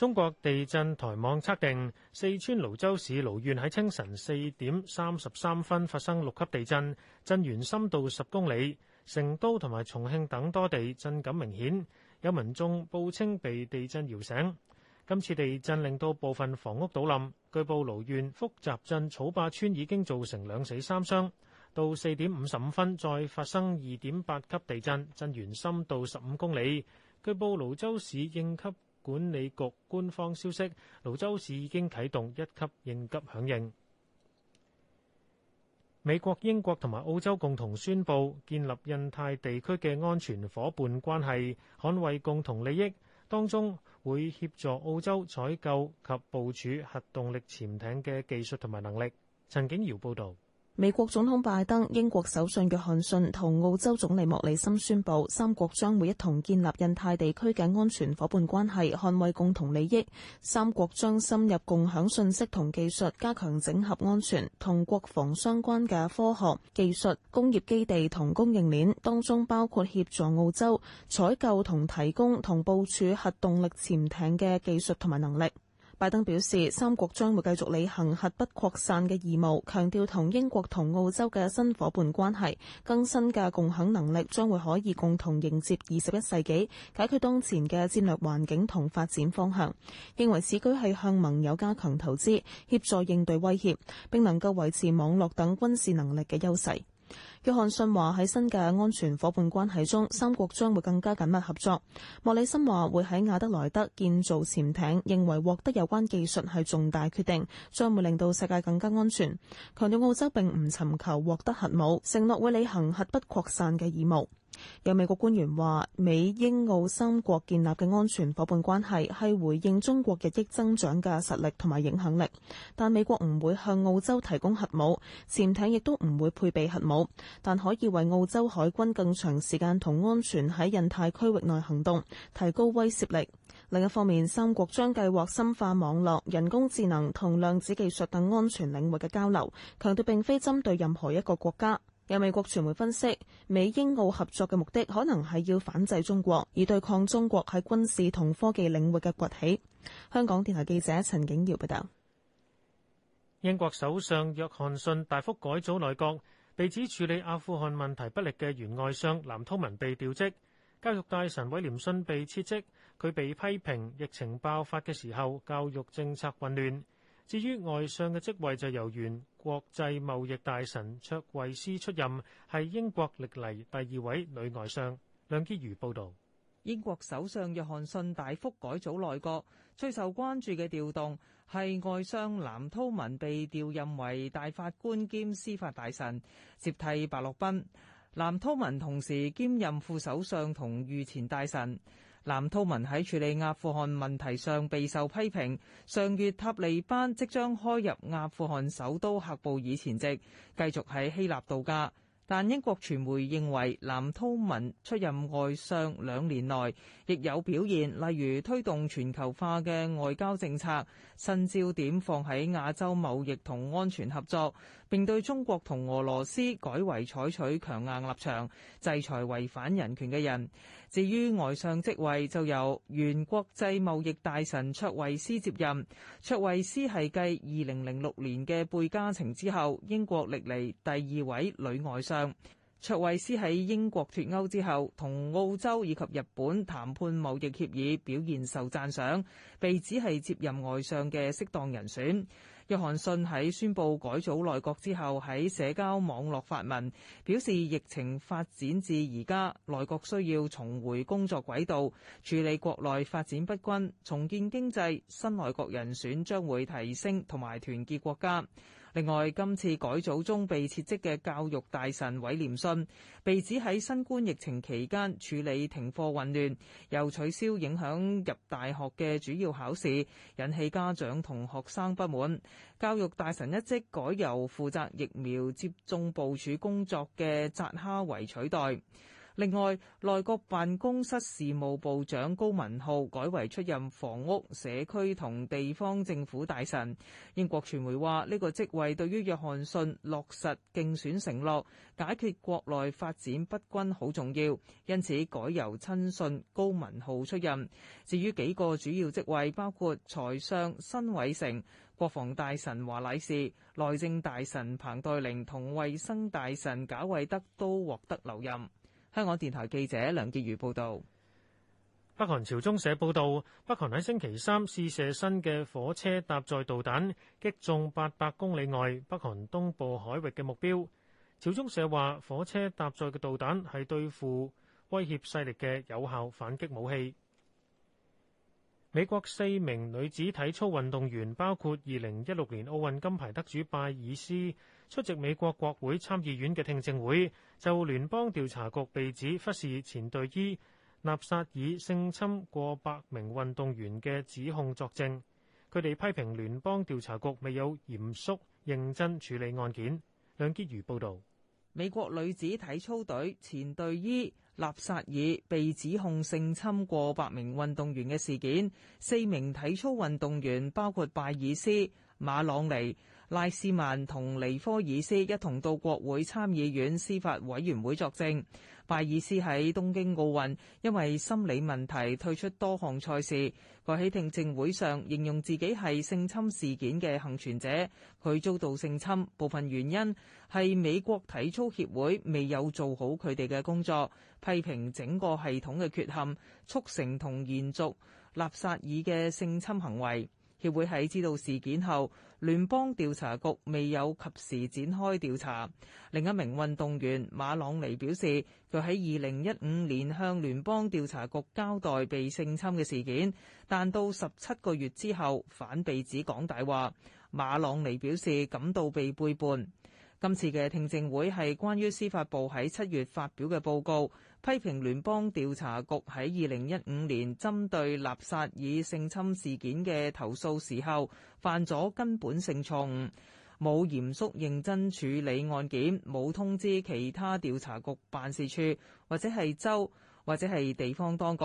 中國地震台網測定，四川瀘州市瀘縣喺清晨四點三十三分發生六級地震，震源深度十公里。成都同埋重慶等多地震感明顯，有民眾報稱被地震搖醒。今次地震令到部分房屋倒冧，據報瀘縣福集鎮草壩村已經造成兩死三傷。到四點五十五分再發生二點八級地震，震源深度十五公里。據報瀘州市應急。管理局官方消息，瀘州市已經啟動一級應急響應。美國、英國同埋澳洲共同宣布建立印太地區嘅安全伙伴關係，捍衛共同利益。當中會協助澳洲採購及部署核動力潛艇嘅技術同埋能力。陳景瑤報道。美國總統拜登、英國首相約翰遜同澳洲總理莫里森宣布，三國將會一同建立印太地區嘅安全伙伴關係，捍衛共同利益。三國將深入共享信息同技術，加強整合安全同國防相關嘅科學、技術、工業基地同供應鏈，當中包括協助澳洲採購同提供同部署核動力潛艇嘅技術同埋能力。拜登表示，三國將會繼續履行核不擴散嘅義務，強調同英國同澳洲嘅新伙伴關係更新嘅共享能力將會可以共同迎接二十一世紀，解決當前嘅戰略環境同發展方向。認為此舉係向盟友加強投資，協助應對威脅，並能夠維持網絡等軍事能力嘅優勢。約翰遜話喺新嘅安全伙伴關係中，三國將會更加緊密合作。莫里森話會喺亞德萊德建造潛艇，認為獲得有關技術係重大決定，將會令到世界更加安全。強調澳洲並唔尋求獲得核武，承諾會履行核不擴散嘅義務。有美國官員話，美英澳三國建立嘅安全夥伴關係係回應中國日益增長嘅實力同埋影響力，但美國唔會向澳洲提供核武，潛艇亦都唔會配備核武，但可以為澳洲海軍更長時間同安全喺印太區域內行動，提高威懾力。另一方面，三國將計劃深化網絡、人工智能同量子技術等安全領域嘅交流，強調並非針對任何一個國家。有美國傳媒分析，美英澳合作嘅目的可能係要反制中國，以對抗中國喺軍事同科技領域嘅崛起。香港電台記者陳景耀報道，英國首相約翰遜大幅改組內閣，被指處理阿富汗問題不力嘅原外相藍韜文被調職，教育大臣威廉遜被撤職，佢被批評疫情爆發嘅時候教育政策混亂。至於外相嘅職位就由原國際貿易大臣卓慧斯出任，係英國歷嚟第二位女外相。梁潔如報導，英國首相約翰遜大幅改組內閣，最受關注嘅調動係外相藍韜文被調任為大法官兼司法大臣，接替白洛賓。藍韜文同時兼任副首相同御前大臣。藍韜文喺處理阿富汗問題上備受批評。上月塔利班即將開入阿富汗首都喀布爾前夕，繼續喺希臘度假。但英國傳媒認為，藍韜文出任外相兩年內亦有表現，例如推動全球化嘅外交政策，新焦點放喺亞洲貿易同安全合作，並對中國同俄羅斯改為採取強硬立場，制裁違反人權嘅人。至於外相職位就由原國際貿易大臣卓慧思接任，卓慧思係繼二零零六年嘅貝嘉晴之後，英國歷嚟第二位女外相。卓慧斯喺英國脫歐之後，同澳洲以及日本談判貿易協議，表現受讚賞，被指係接任外相嘅適當人選。約翰遜喺宣布改組內閣之後，喺社交網絡發文，表示疫情發展至而家，內閣需要重回工作軌道，處理國內發展不均，重建經濟。新內閣人選將會提升同埋團結國家。另外，今次改組中被撤職嘅教育大臣韋廉信，被指喺新冠疫情期間處理停課混亂，又取消影響入大學嘅主要考試，引起家長同學生不滿。教育大臣一職改由負責疫苗接種部署工作嘅扎哈維取代。另外，內閣辦公室事務部長高文浩改為出任房屋、社區同地方政府大臣。英國傳媒話，呢個職位對於約翰遜落實競選承諾、解決國內發展不均好重要，因此改由親信高文浩出任。至於幾個主要職位，包括財相辛偉成、國防大臣華禮士、內政大臣彭黛玲同衛生大臣賈偉德，都獲得留任。香港電台記者梁潔如報道。北韓朝中社報道，北韓喺星期三試射新嘅火車搭載導彈，擊中八百公里外北韓東部海域嘅目標。朝中社話，火車搭載嘅導彈係對付威脅勢力嘅有效反擊武器。美國四名女子體操運動員，包括二零一六年奧運金牌得主拜爾斯。出席美國國會參議院嘅聽證會，就聯邦調查局被指忽視前隊醫納薩爾性侵過百名運動員嘅指控作證，佢哋批評聯邦調查局未有嚴肅認真處理案件。梁潔如報道。美國女子體操隊前隊醫納薩爾被指控性侵過百名運動員嘅事件，四名體操運動員包括拜爾斯、馬朗尼拉斯曼同尼科爾斯一同到國會參議院司法委員會作證，拜爾斯喺東京奧運因為心理問題退出多項賽事。佢喺聽證會上形容自己係性侵事件嘅幸存者。佢遭到性侵，部分原因係美國體操協會未有做好佢哋嘅工作，批評整個系統嘅缺陷，促成同延續納薩爾嘅性侵行為。協會喺知道事件後，聯邦調查局未有及時展開調查。另一名運動員馬朗尼表示，佢喺二零一五年向聯邦調查局交代被性侵嘅事件，但到十七個月之後反被指講大話。馬朗尼表示感到被背叛。今次嘅聽證會係關於司法部喺七月發表嘅報告。批評聯邦調查局喺二零一五年針對納撒爾性侵事件嘅投訴時候，犯咗根本性錯誤，冇嚴肅認真處理案件，冇通知其他調查局辦事處，或者係州，或者係地方當局。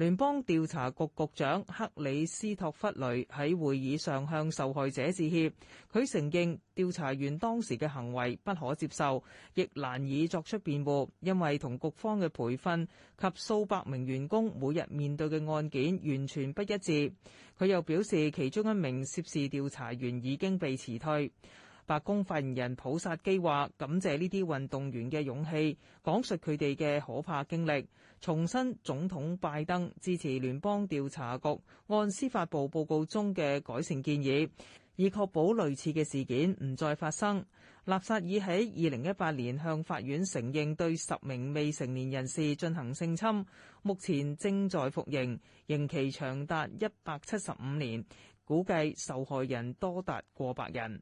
聯邦調查局局長克里斯托弗雷喺會議上向受害者致歉。佢承認調查員當時嘅行為不可接受，亦難以作出辯護，因為同局方嘅培訓及數百名員工每日面對嘅案件完全不一致。佢又表示，其中一名涉事調查員已經被辭退。白宮發言人普薩基話感謝呢啲運動員嘅勇氣，講述佢哋嘅可怕經歷。重申總統拜登支持聯邦調查局按司法部報告中嘅改善建議，以確保類似嘅事件唔再發生。納薩爾喺二零一八年向法院承認對十名未成年人士進行性侵，目前正在服刑，刑期長達一百七十五年，估計受害人多達過百人。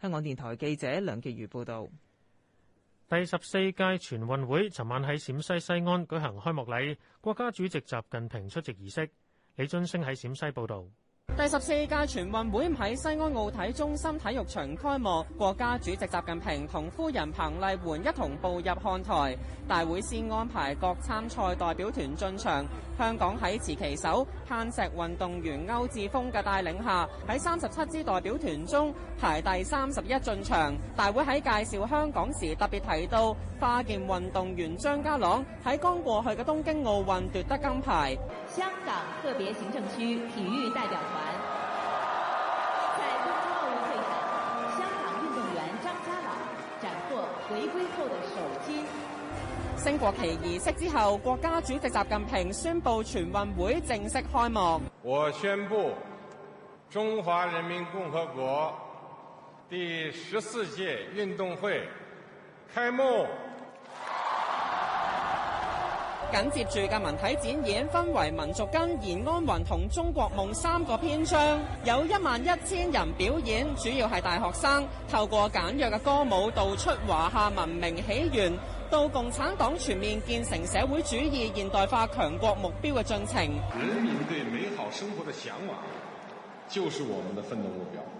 香港電台記者梁潔如報導。第十四屆全運會尋晚喺陝西西安舉行開幕禮，國家主席習近平出席儀式。李津升喺陝西報道。第十四屆全運會喺西安奧體中心體育場開幕，國家主席習近平同夫人彭麗媛一同步入看台。大會先安排各參賽代表團進場，香港喺持旗手攀石運動員歐志峰嘅帶領下，喺三十七支代表團中排第三十一進場。大會喺介紹香港時特別提到，花劍運動員張家朗喺剛過去嘅東京奧運奪得金牌。香港特別行政區體育代表團。在東京奧運會上，香港運動員張家朗斬獲回歸後的首金。升國旗儀式之後，國家主席習近平宣布全運會正式開幕。我宣布，中華人民共和國第十四屆運動會開幕。緊接住嘅文體展演分為民族根、延安魂同中國夢三個篇章，有一萬一千人表演，主要係大學生，透過簡約嘅歌舞道出華夏文明起源到共產黨全面建成社會主義現代化強國目標嘅進程。人民對美好生活的向往，就是我們的奮鬥目標。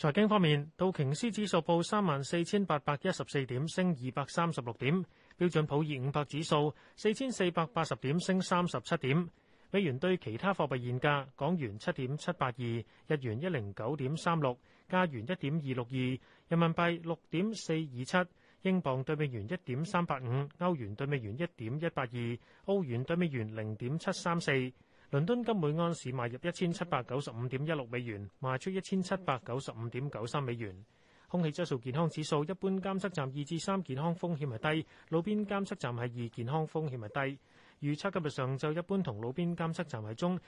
財經方面，道瓊斯指數報三萬四千八百一十四點，升二百三十六點；標準普爾五百指數四千四百八十點，升三十七點。美元對其他貨幣現價：港元七點七八二，日元一零九點三六，加元一點二六二，人民幣六點四二七，英鎊對美元一點三八五，歐元對美元一點一八二，澳元對美元零點七三四。倫敦金每安士賣入一千七百九十五點一六美元，賣出一千七百九十五點九三美元。空氣質素健康指數，一般監測站二至三，健康風險係低，路邊監測站係二，健康風險係低。預測今日上晝一般同路邊監測站係中，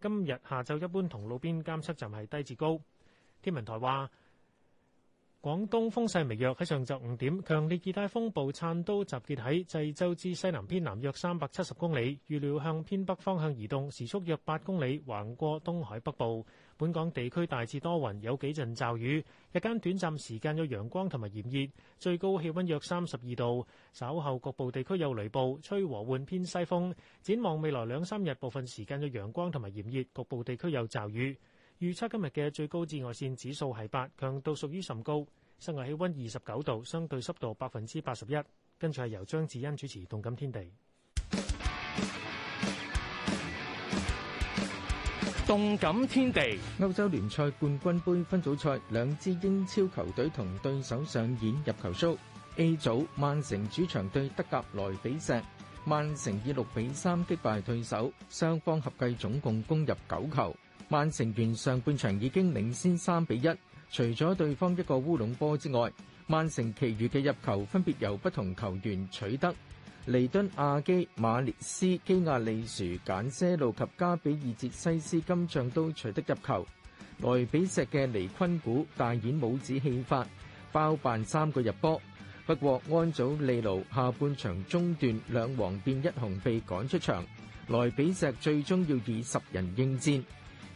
今日下晝一般同路邊監測站係低至高。天文台話，廣東風勢微弱，喺上晝五點，強烈熱帶風暴燦都集結喺濟州之西南偏南約三百七十公里，預料向偏北方向移動，時速約八公里，橫過東海北部。本港地區大致多雲，有幾陣驟雨，日間短暫時間有陽光同埋炎熱，最高氣溫約三十二度。稍後局部地區有雷暴，吹和緩偏西風。展望未來兩三日，部分時間有陽光同埋炎熱，局部地區有驟雨。預測今日嘅最高紫外線指數係八，強度屬於甚高。室外氣溫二十九度，相對濕度百分之八十一。跟住係由張子欣主持《動感天地》。《動感天地》，歐洲聯賽冠軍杯分組賽，兩支英超球隊同對手上演入球 show。A 組，曼城主場對德甲萊比錫，曼城以六比三擊敗對手，雙方合計總共攻入九球。曼城完上半場已經領先三比一，除咗對方一個烏龍波之外，曼城其餘嘅入球分別由不同球員取得。尼敦亞基、馬列斯、基亞利殊、簡些路及加比爾哲西斯金將都取得入球。萊比石嘅尼昆古大演帽子戲法，包辦三個入波。不過安祖利奴下半場中段兩黃變一紅被趕出場，萊比石最終要以十人應戰。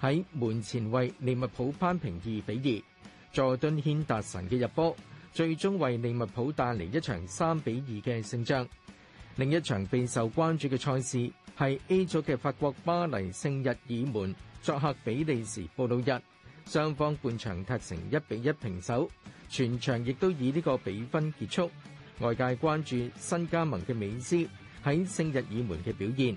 喺門前為利物浦扳平二比二，2，佐敦軒達臣嘅入波，最終為利物浦帶嚟一場三比二嘅勝仗。另一場備受關注嘅賽事係 A 組嘅法國巴黎聖日耳門作客比利時布魯日，雙方半場踢成一比一平手，全場亦都以呢個比分結束。外界關注新加盟嘅美斯喺聖日耳門嘅表現。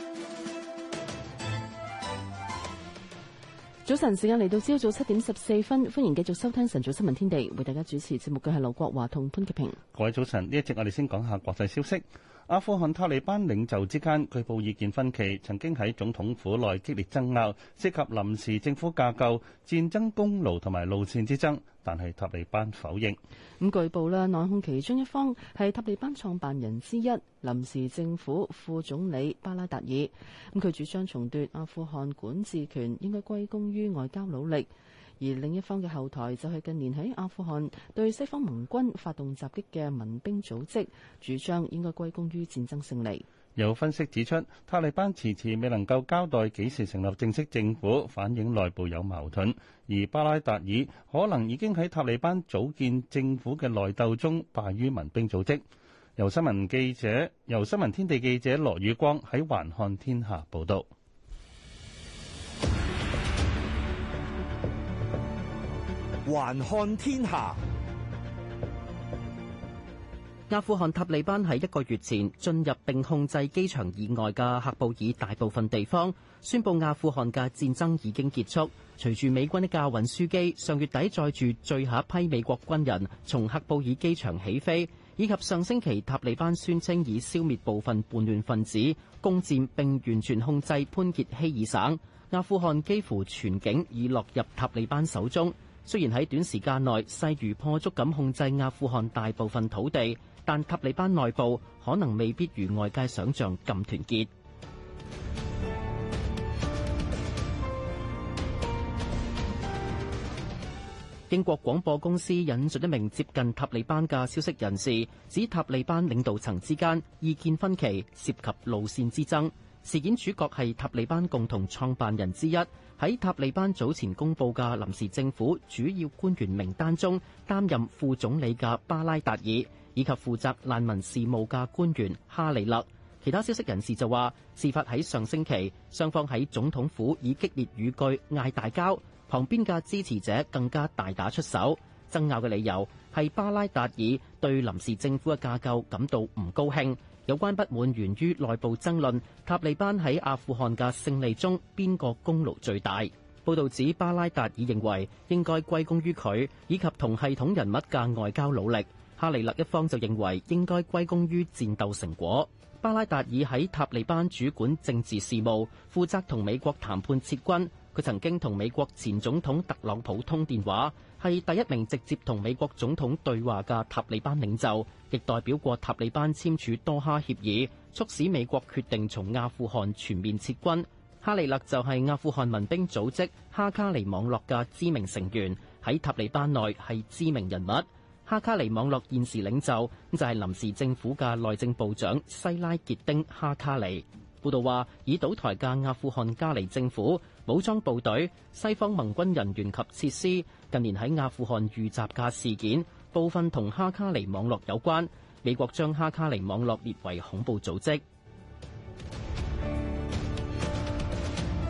早晨，時間嚟到朝早七點十四分，歡迎繼續收聽晨早新聞天地，為大家主持節目嘅係劉國華同潘潔平。各位早晨，呢一節我哋先講下國際消息。阿富汗塔利班領袖之間據報意見分歧，曾經喺總統府內激烈爭拗，涉及臨時政府架構、戰爭功勞同埋路線之爭。但係塔利班否認。咁據報啦，內訌其中一方係塔利班創辦人之一、臨時政府副總理巴拉達爾。咁佢主張重奪阿富汗管治權應該歸功於外交努力，而另一方嘅後台就係近年喺阿富汗對西方盟軍發動襲擊嘅民兵組織，主張應該歸功於戰爭勝利。有分析指出，塔利班遲遲未能夠交代幾時成立正式政府，反映內部有矛盾。而巴拉達爾可能已經喺塔利班組建政府嘅內鬥中敗於民兵組織，由新聞記者，由新聞天地記者羅宇光喺環看天下報道。環看天下，報道阿富汗塔利班喺一個月前進入並控制機場以外嘅喀布爾大部分地方，宣布阿富汗嘅戰爭已經結束。隨住美軍一架運輸機上月底載住最後一批美國軍人從喀布爾機場起飛，以及上星期塔利班宣稱已消滅部分叛亂分子，攻佔並完全控制潘傑希爾省，阿富汗幾乎全境已落入塔利班手中。雖然喺短時間內勢如破竹咁控制阿富汗大部分土地。但塔利班內部可能未必如外界想像咁團結。英國廣播公司引述一名接近塔利班嘅消息人士，指塔利班領導層之間意見分歧，涉及路線之爭。事件主角係塔利班共同創辦人之一，喺塔利班早前公佈嘅臨時政府主要官員名單中擔任副總理嘅巴拉達爾。以及負責難民事務嘅官員哈利勒，其他消息人士就話，事發喺上星期，雙方喺總統府以激烈語句嗌大交，旁邊嘅支持者更加大打出手。爭拗嘅理由係巴拉達爾對臨時政府嘅架構感到唔高興，有關不滿源於內部爭論。塔利班喺阿富汗嘅勝利中邊個功勞最大？報導指巴拉達爾認為應該歸功於佢以及同系統人物嘅外交努力。哈利勒一方就認為應該歸功於戰鬥成果。巴拉達爾喺塔利班主管政治事務，負責同美國談判撤軍，佢曾經同美國前總統特朗普通電話，係第一名直接同美國總統對話嘅塔利班領袖，亦代表過塔利班簽署多哈協議，促使美國決定從阿富汗全面撤軍。哈利勒就係阿富汗民兵組織哈卡尼網絡嘅知名成員，喺塔利班內係知名人物。哈卡尼網絡現時領袖就係、是、臨時政府嘅內政部長西拉傑丁·哈卡尼。報道話，已倒台嘅阿富汗加尼政府、武裝部隊、西方盟軍人員及設施近年喺阿富汗遇襲嘅事件，部分同哈卡尼網絡有關。美國將哈卡尼網絡列為恐怖組織。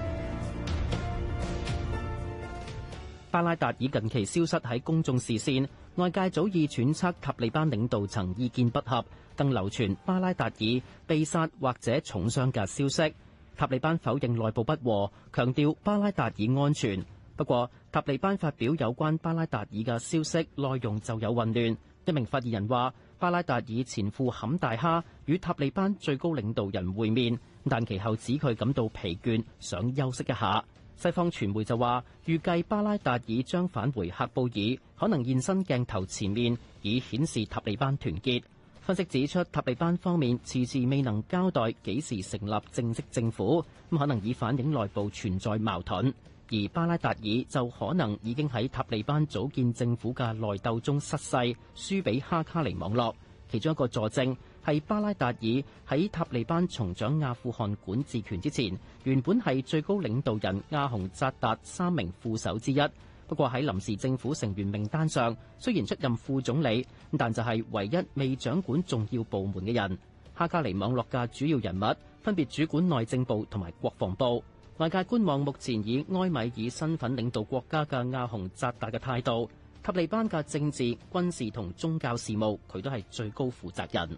巴拉達爾近期消失喺公眾視線。外界早已揣測塔利班領導層意見不合，更流傳巴拉達爾被殺或者重傷嘅消息。塔利班否認內部不和，強調巴拉達爾安全。不過，塔利班發表有關巴拉達爾嘅消息內容就有混亂，一名發言人話巴拉達爾前赴坎大哈與塔利班最高領導人會面，但其後指佢感到疲倦，想休息一下。西方傳媒就話，預計巴拉達爾將返回喀布爾，可能現身鏡頭前面，以顯示塔利班團結。分析指出，塔利班方面遲遲未能交代幾時成立正式政府，咁可能以反映內部存在矛盾。而巴拉達爾就可能已經喺塔利班組建政府嘅內鬥中失勢，輸俾哈卡尼網絡其中一個佐證。係巴拉達爾喺塔利班重掌阿富汗管治權之前，原本係最高領導人阿洪扎達三名副手之一。不過喺臨時政府成員名單上，雖然出任副總理，但就係唯一未掌管重要部門嘅人。哈加尼網絡嘅主要人物分別主管內政部同埋國防部。外界觀望目前以埃米爾身份領導國家嘅阿洪扎達嘅態度，塔利班嘅政治、軍事同宗教事務，佢都係最高負責人。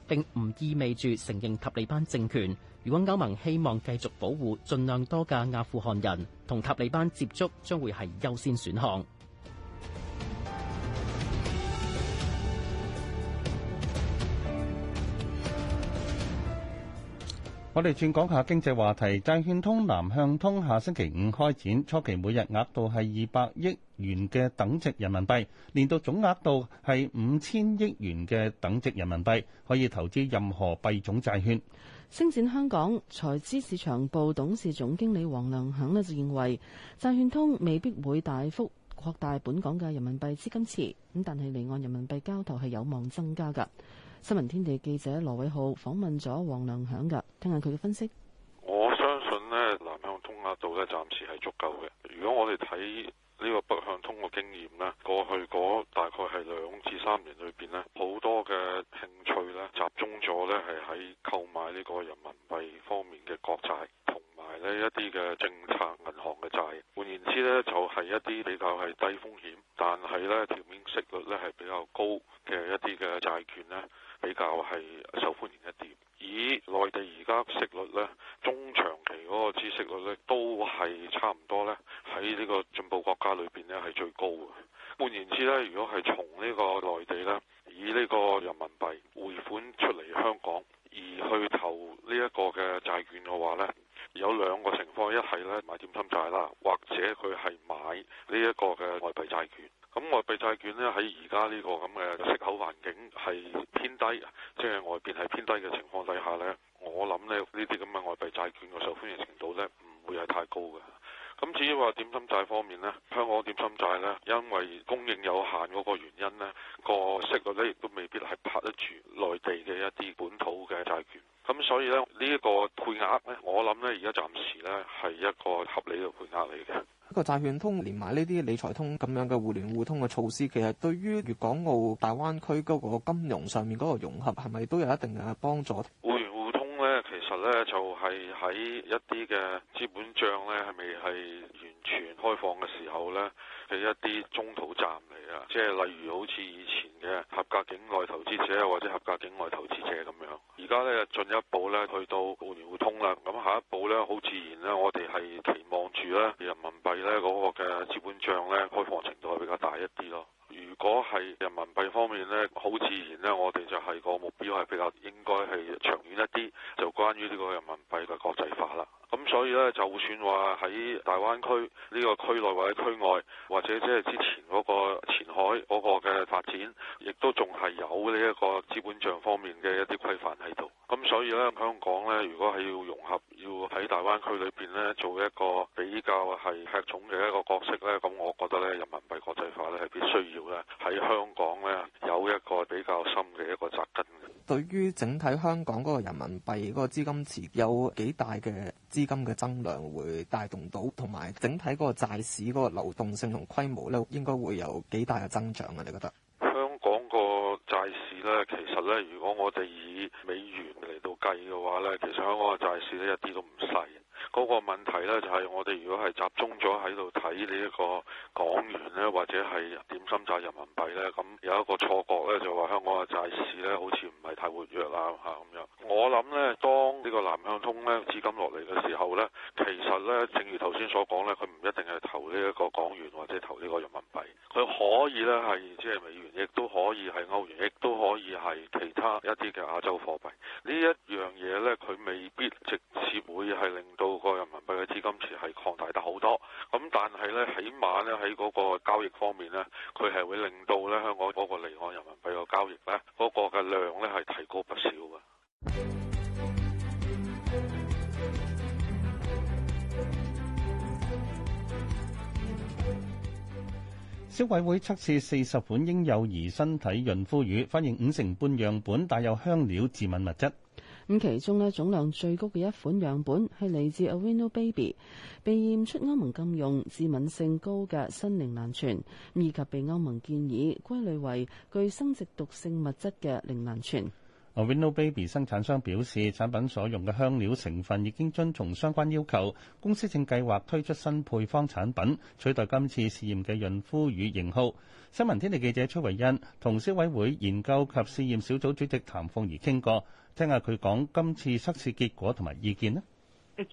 並唔意味住承認塔利班政權。如果歐盟希望繼續保護盡量多嘅阿富汗人，同塔利班接觸將會係優先選項。我哋轉講下經濟話題，債券通南向通下星期五開展，初期每日額度係二百億元嘅等值人民幣，年度總額度係五千億元嘅等值人民幣，可以投資任何幣種債券。星展香港財資市場部董事總經理黃良肯咧就認為，債券通未必會大幅擴大本港嘅人民幣資金池，咁但係離岸人民幣交投係有望增加噶。新聞天地記者羅偉浩訪問咗王亮響噶，聽下佢嘅分析。我相信咧南向通額度咧暫時係足夠嘅。如果我哋睇呢個北向通嘅經驗咧，過去嗰大概係兩至三年裏邊咧，好多嘅興趣咧集中咗咧係喺購買呢個人民幣方面嘅國債，同埋呢一啲嘅政策銀行嘅債。換言之呢就係、是、一啲比較係低風險，但係呢票面息率咧係比較高嘅一啲嘅債券咧。比較係受歡迎一啲，以內地而家息率呢，中長期嗰個孳息率呢，都係差唔多呢。喺呢個進步國家裏邊呢，係最高嘅。換言之呢，如果係從呢個內地呢，以呢個人民幣匯款出嚟香港，而去投呢一個嘅債券嘅話呢，有兩個情況，一係呢買點心債啦，或者佢係買呢一個嘅外幣債券。咁外幣債券呢，喺而家呢個咁嘅息口環境係偏低即係，就是，外邊係偏低嘅情況底下呢。我諗呢呢啲咁嘅外幣債券嘅受歡迎程度呢，唔會係太高嘅。咁至於話點心債方面呢，香港點心債呢，因為供應有限嗰個原因呢，個息率呢亦都未必係拍得住內地嘅一啲本土嘅債券。咁所以呢，呢一個配額呢，我諗呢而家暫時呢係一個合理嘅配額嚟嘅。呢個債券通連埋呢啲理財通咁樣嘅互聯互通嘅措施，其實對於粵港澳大灣區嗰個金融上面嗰個融合，係咪都有一定嘅幫助？咧就係喺一啲嘅資本帳咧，係未係完全開放嘅時候咧係一啲中途站嚟啊！即係例如好似以前嘅合格境外投資者或者合格境外投資者咁樣，而家咧進一步咧去到互聯互通啦。咁下一步咧，好自然咧，我哋係期望住咧人民幣咧嗰個嘅資本帳咧開放程度係比較大一啲咯。如果係人民幣方面呢，好自然呢，我哋就係個目標係比較應該係長遠一啲，就關於呢個人民幣嘅國際化啦。咁所以咧，就算話喺大灣區呢個區內或者區外，或者即係之前嗰個前海嗰個嘅發展，亦都仲係有呢一個資本賬方面嘅一啲規範喺度。咁所以咧，香港咧，如果係要融合，要喺大灣區裏邊咧做一個比較係吃重嘅一個角色咧，咁我覺得咧，人民幣國際化咧係必須要咧，喺香港咧有一個比較深嘅一個扎根嘅。對於整體香港嗰個人民幣嗰個資金池有幾大嘅資金嘅增量會帶動到，同埋整體嗰個債市嗰個流動性同規模咧，應該會有幾大嘅增長啊！你覺得？香港個債市咧，其實咧，如果我哋以美元嚟到計嘅話咧，其實香港嘅債市咧，一啲都唔細。嗰個問題咧，就係我哋如果係集中咗喺度睇呢一個港元呢，或者係點心債人民幣呢，咁有一個錯覺呢，就話香港嘅債市呢，好似唔係太活躍啦嚇咁樣。我諗呢，當呢個南向通呢資金落嚟嘅時候呢，其實呢，正如頭先所講呢，佢唔一定係投呢一個港元或者投呢個人民幣，佢可以呢係即係美元，亦都可以係歐元，亦都可以係其他一啲嘅亞洲貨幣。呢一樣嘢呢，佢未必直接會係令到。個人民幣嘅資金池係擴大得好多，咁但係咧，起碼咧喺嗰個交易方面咧，佢係會令到咧香港嗰個離岸人民幣嘅交易咧，嗰個嘅量咧係提高不少嘅。消委會測試四十款嬰幼兒身體潤膚乳，反映五成半樣本帶有香料致敏物質。咁其中咧總量最高嘅一款樣本係嚟自 Aveeno Baby，被驗出歐盟禁用、致敏性高嘅新鈴蘭醛，以及被歐盟建議歸類為具生殖毒性物質嘅鈴蘭醛。Aveeno Baby 生產商表示，產品所用嘅香料成分已經遵從相關要求，公司正計劃推出新配方產品取代今次試驗嘅潤膚乳型號。新聞天地記者崔維欣同消委會研究及試驗小組主席譚鳳儀傾過。即係佢講今次測試結果同埋意見咧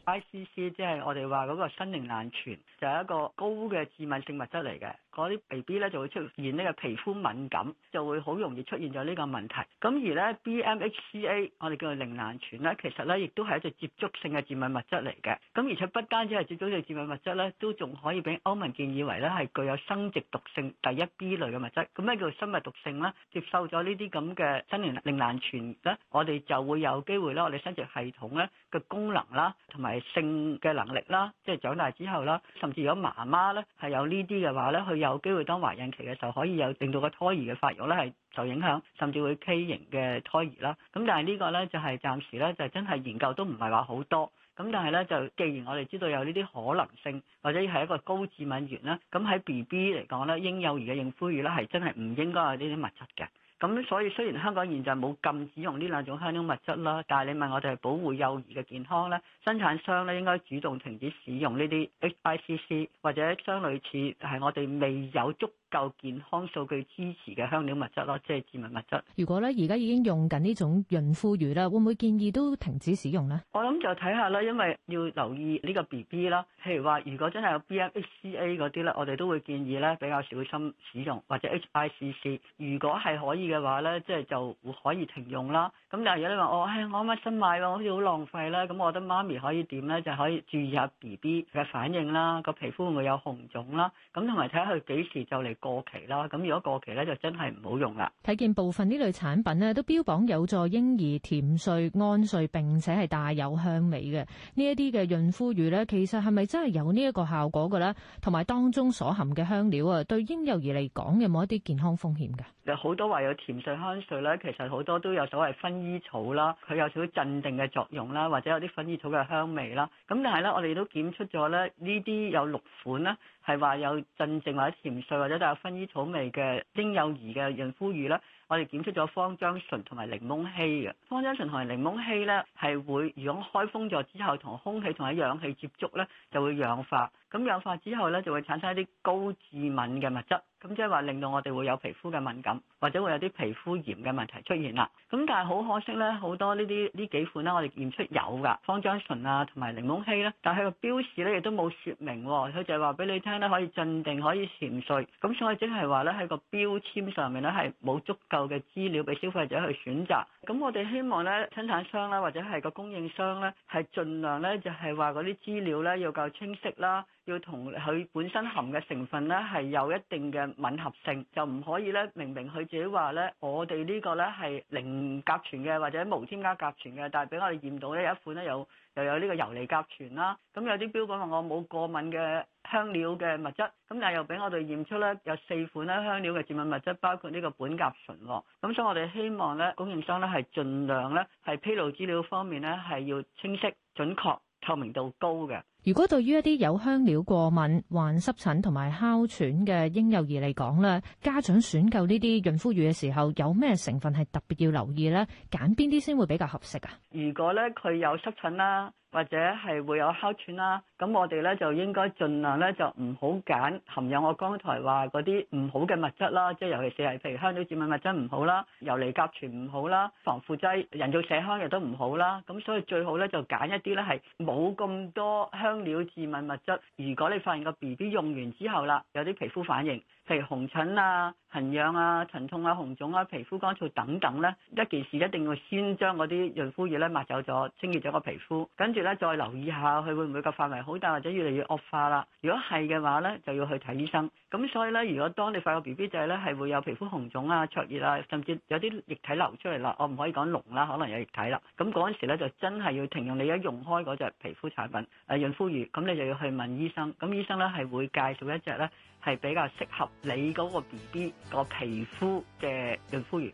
，HICC 即係我哋話個新型冷存就係、是、一個高嘅致敏性物質嚟嘅。嗰啲 B B 咧就會出現呢個皮膚敏感，就會好容易出現咗呢個問題。咁而咧 B M H C A，我哋叫做鈴蘭醛咧，其實咧亦都係一隻接觸性嘅致敏物質嚟嘅。咁而且不單止係接觸性致敏物質咧，都仲可以俾歐盟建議為咧係具有生殖毒性第一 B 類嘅物質。咁咩叫生物毒性咧？接受咗呢啲咁嘅新連鈴蘭醛咧，我哋就會有機會咧，我哋生殖系統咧嘅功能啦，同埋性嘅能力啦，即係長大之後啦，甚至如果媽媽咧係有呢啲嘅話咧，佢有。有機會當懷孕期嘅時候，可以有令到個胎兒嘅發育咧係受影響，甚至會畸形嘅胎兒啦。咁但係呢個咧就係暫時咧就真係研究都唔係話好多。咁但係咧就既然我哋知道有呢啲可能性，或者係一個高致敏原啦，咁喺 B B 嚟講咧，嬰幼兒嘅應呼乳咧係真係唔應該有呢啲物質嘅。咁所以雖然香港現在冇禁止用呢兩種香料物質啦，但係你問我哋係保護幼兒嘅健康咧，生產商咧應該主動停止使用呢啲 HICC 或者相類似係我哋未有足夠健康數據支持嘅香料物質咯，即係植物物質。如果咧而家已經用緊呢種潤膚乳咧，會唔會建議都停止使用咧？我諗就睇下啦，因為要留意呢個 B B 啦。譬如話如果真係有 B M H C A 嗰啲咧，我哋都會建議咧比較小心使用，或者 H I C C。C, 如果係可以嘅話咧，即、就、係、是、就可以停用啦。咁但係有啲話我，唉，我啱啱新買喎，好似好浪費啦。咁我覺得媽咪可以點咧，就可以注意下 B B 嘅反應啦，個皮膚會唔會有紅腫啦？咁同埋睇下佢幾時就嚟。過期啦，咁如果過期咧，就真係唔好用啦。睇見部分呢類產品呢，都標榜有助嬰兒甜睡、安睡並且係帶有香味嘅呢一啲嘅潤膚乳呢，其實係咪真係有呢一個效果嘅咧？同埋當中所含嘅香料啊，對嬰幼兒嚟講有冇一啲健康風險㗎？好多話有甜睡香睡咧，其實好多都有所謂薰衣草啦，佢有少少鎮定嘅作用啦，或者有啲薰衣草嘅香味啦。咁但係咧，我哋都檢出咗咧呢啲有六款啦。係話有鎮靜或者潛睡或者都有薰衣草味嘅嬰幼兒嘅潤膚乳，啦，我哋檢出咗芳樟醇同埋檸檬烯嘅，芳樟醇同埋檸檬烯咧係會，如果開封咗之後同空氣同埋氧氣接觸咧，就會氧化。咁氧化之後咧，就會產生一啲高致敏嘅物質，咁即係話令到我哋會有皮膚嘅敏感，或者會有啲皮膚炎嘅問題出現啦。咁但係好可惜咧，好多呢啲呢幾款咧，我哋驗出有㗎，芳樟醇啊同埋檸檬烯咧，但係個標示咧亦都冇説明，佢就係話俾你聽咧可以鎮定、可以潛睡，咁所以即係話咧喺個標籤上面咧係冇足夠嘅資料俾消費者去選擇。咁我哋希望咧生產商啦，或者係個供應商咧，係盡量咧就係話嗰啲資料咧要夠清晰啦。要同佢本身含嘅成分呢，係有一定嘅吻合性，就唔可以呢。明明佢自己話呢，我哋呢個呢，係零甲醛嘅，或者無添加甲醛嘅，但係俾我哋驗到呢，有一款呢，有又有呢個遊離甲醛啦。咁有啲標本話，我冇過敏嘅香料嘅物質，咁但係又俾我哋驗出呢，有四款呢香料嘅致敏物質，包括呢個苯甲醇喎。咁所以我哋希望呢，供應商呢，係儘量呢，係披露資料方面呢，係要清晰、準確、透明度高嘅。如果對於一啲有香料過敏、患濕疹同埋哮喘嘅嬰幼兒嚟講咧，家長選購呢啲潤膚乳嘅時候，有咩成分係特別要留意咧？揀邊啲先會比較合適啊？如果咧佢有濕疹啦。或者係會有哮喘啦，咁我哋咧就應該儘量咧就唔好揀含有我剛才話嗰啲唔好嘅物質啦，即係尤其是係譬如香料致敏物質唔好啦，游離甲醛唔好啦，防腐劑、人造麝香亦都唔好啦，咁所以最好咧就揀一啲咧係冇咁多香料致敏物質。如果你發現個 B B 用完之後啦，有啲皮膚反應，譬如紅疹啊、痕癢啊、疼痛啊、紅腫啊、皮膚乾燥等等咧，一件事一定要先將嗰啲潤膚乳咧抹走咗，清潔咗個皮膚，跟住咧再留意下佢會唔會個範圍好大，或者越嚟越惡化啦。如果係嘅話咧，就要去睇醫生。咁所以咧，如果當你發個 B B 仔咧，係會有皮膚紅腫啊、灼熱啊，甚至有啲液體流出嚟啦，我唔可以講膿啦，可能有液體啦。咁嗰陣時咧就真係要停用你一用開嗰隻皮膚產品，誒潤膚乳，咁你就要去問醫生。咁醫生咧係會介紹一隻咧。呢係比較適合你嗰個 B B 個皮膚嘅潤膚油。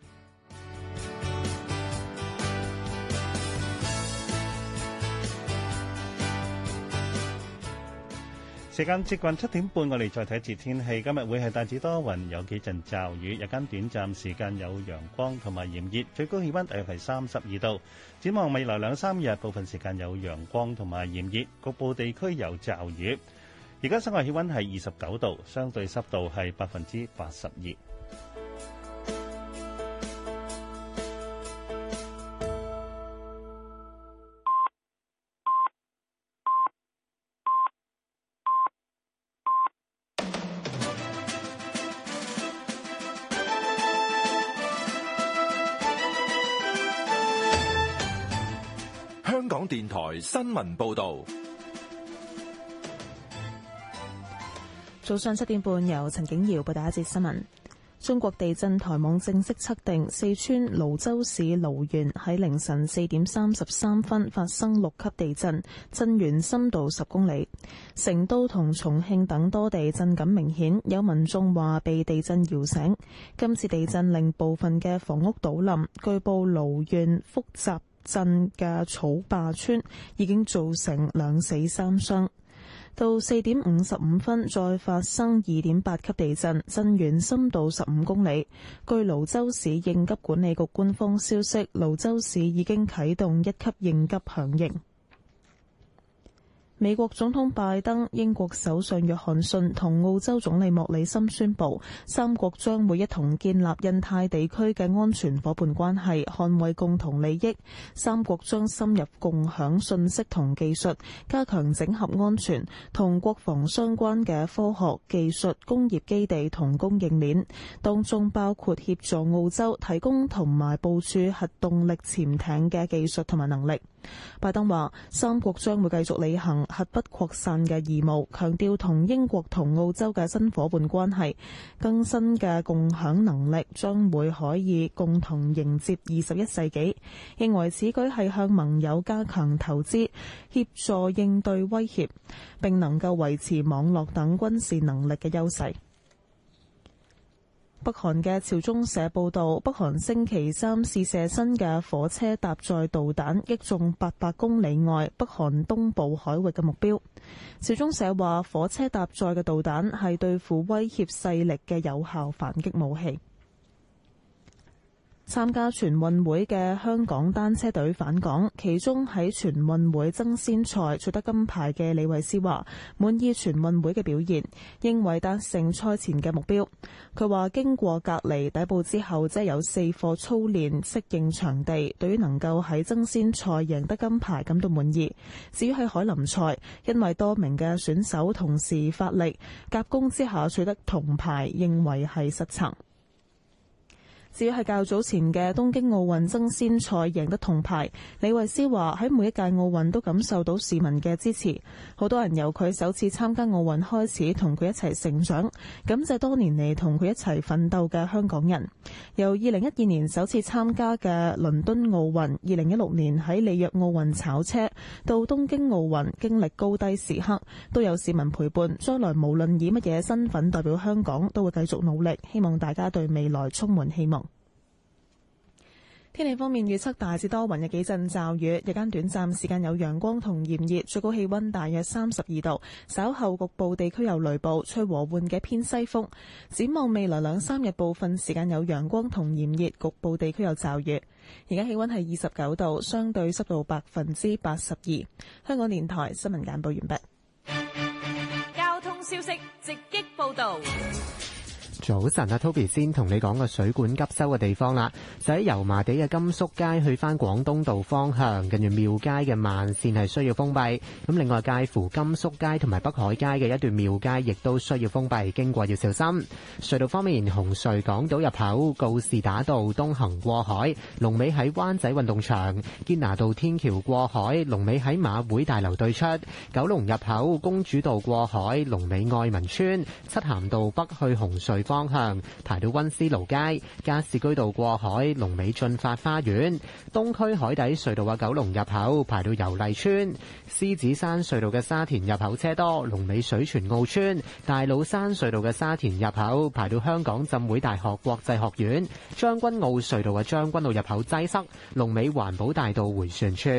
時間接近七點半，我哋再睇一節天氣。今日會係大致多雲，有幾陣驟雨，日間短暫時間有陽光同埋炎熱，最高氣溫大約係三十二度。展望未來兩三日，部分時間有陽光同埋炎熱，局部地區有驟雨。而家室外氣溫係二十九度，相對濕度係百分之八十二。香港電台新聞報道。早上七點半，由陳景瑤報第一節新聞。中國地震台網正式測定，四川瀘州市瀘縣喺凌晨四點三十三分發生六級地震，震源深度十公里。成都同重慶等多地震感明顯，有民眾話被地震搖醒。今次地震令部分嘅房屋倒冧，據報瀘縣福集鎮嘅草壩村已經造成兩死三傷。到四點五十五分，再發生二點八級地震，震源深度十五公里。據瀘州市應急管理局官方消息，瀘州市已經啟動一級應急響應。美國總統拜登、英國首相約翰遜同澳洲總理莫里森宣布，三國將會一同建立印太地區嘅安全伙伴關係，捍衛共同利益。三國將深入共享信息同技術，加強整合安全同國防相關嘅科學、技術、工業基地同供應鏈，當中包括協助澳洲提供同埋部署核動力潛艇嘅技術同埋能力。拜登話：三國將會繼續履行核不擴散嘅義務，強調同英國同澳洲嘅新夥伴關係，更新嘅共享能力將會可以共同迎接二十一世紀。認為此舉係向盟友加強投資，協助應對威脅，並能夠維持網絡等軍事能力嘅優勢。北韓嘅朝中社報道，北韓星期三試射新嘅火車搭載導彈，擊中八百公里外北韓東部海域嘅目標。朝中社話，火車搭載嘅導彈係對付威脅勢力嘅有效反擊武器。參加全運會嘅香港單車隊返港，其中喺全運會爭先賽取得金牌嘅李慧詩話滿意全運會嘅表現，認為達成賽前嘅目標，佢話經過隔離抵埗之後即係有四課操練適應場地，對於能夠喺爭先賽贏得金牌感到滿意。至於喺凱林賽，因為多名嘅選手同時發力，夾攻之下取得銅牌，認為係失層。至於係較早前嘅東京奧運爭先賽贏得銅牌，李慧詩話喺每一屆奧運都感受到市民嘅支持，好多人由佢首次參加奧運開始同佢一齊成長，感謝多年嚟同佢一齊奮鬥嘅香港人。由二零一二年首次參加嘅倫敦奧運，二零一六年喺里約奧運炒車，到東京奧運經歷高低時刻，都有市民陪伴。將來無論以乜嘢身份代表香港，都會繼續努力，希望大家對未來充滿希望。天氣方面預測大致多雲，有幾陣驟雨，日間短暫時間有陽光同炎熱，最高氣溫大約三十二度。稍後局部地區有雷暴，吹和緩嘅偏西風。展望未來兩三日，部分時間有陽光同炎熱，局部地區有驟雨。而家氣溫係二十九度，相對濕度百分之八十二。香港電台新聞簡報完畢。交通消息直擊報道。早晨啊，Toby 先同你講個水管急修嘅地方啦，就喺油麻地嘅甘肅街去返廣東道方向，近住廟街嘅慢線係需要封閉，咁另外介乎甘肅街同埋北海街嘅一段廟街亦都需要封閉，經過要小心。隧道方面，紅隧港島入口告士打道東行過海，龍尾喺灣仔運動場；堅拿道天橋過海，龍尾喺馬會大樓對出；九龍入口公主道過海，龍尾愛民邨；漆咸道北去紅隧。方向排到溫思勞街、加士居道過海、龍尾駿發花園、東區海底隧道嘅九龍入口排到油麗村、獅子山隧道嘅沙田入口車多、龍尾水泉澳村、大老山隧道嘅沙田入口排到香港浸會大學國際學院、將軍澳隧道嘅將軍澳入口擠塞、龍尾環保大道回旋處。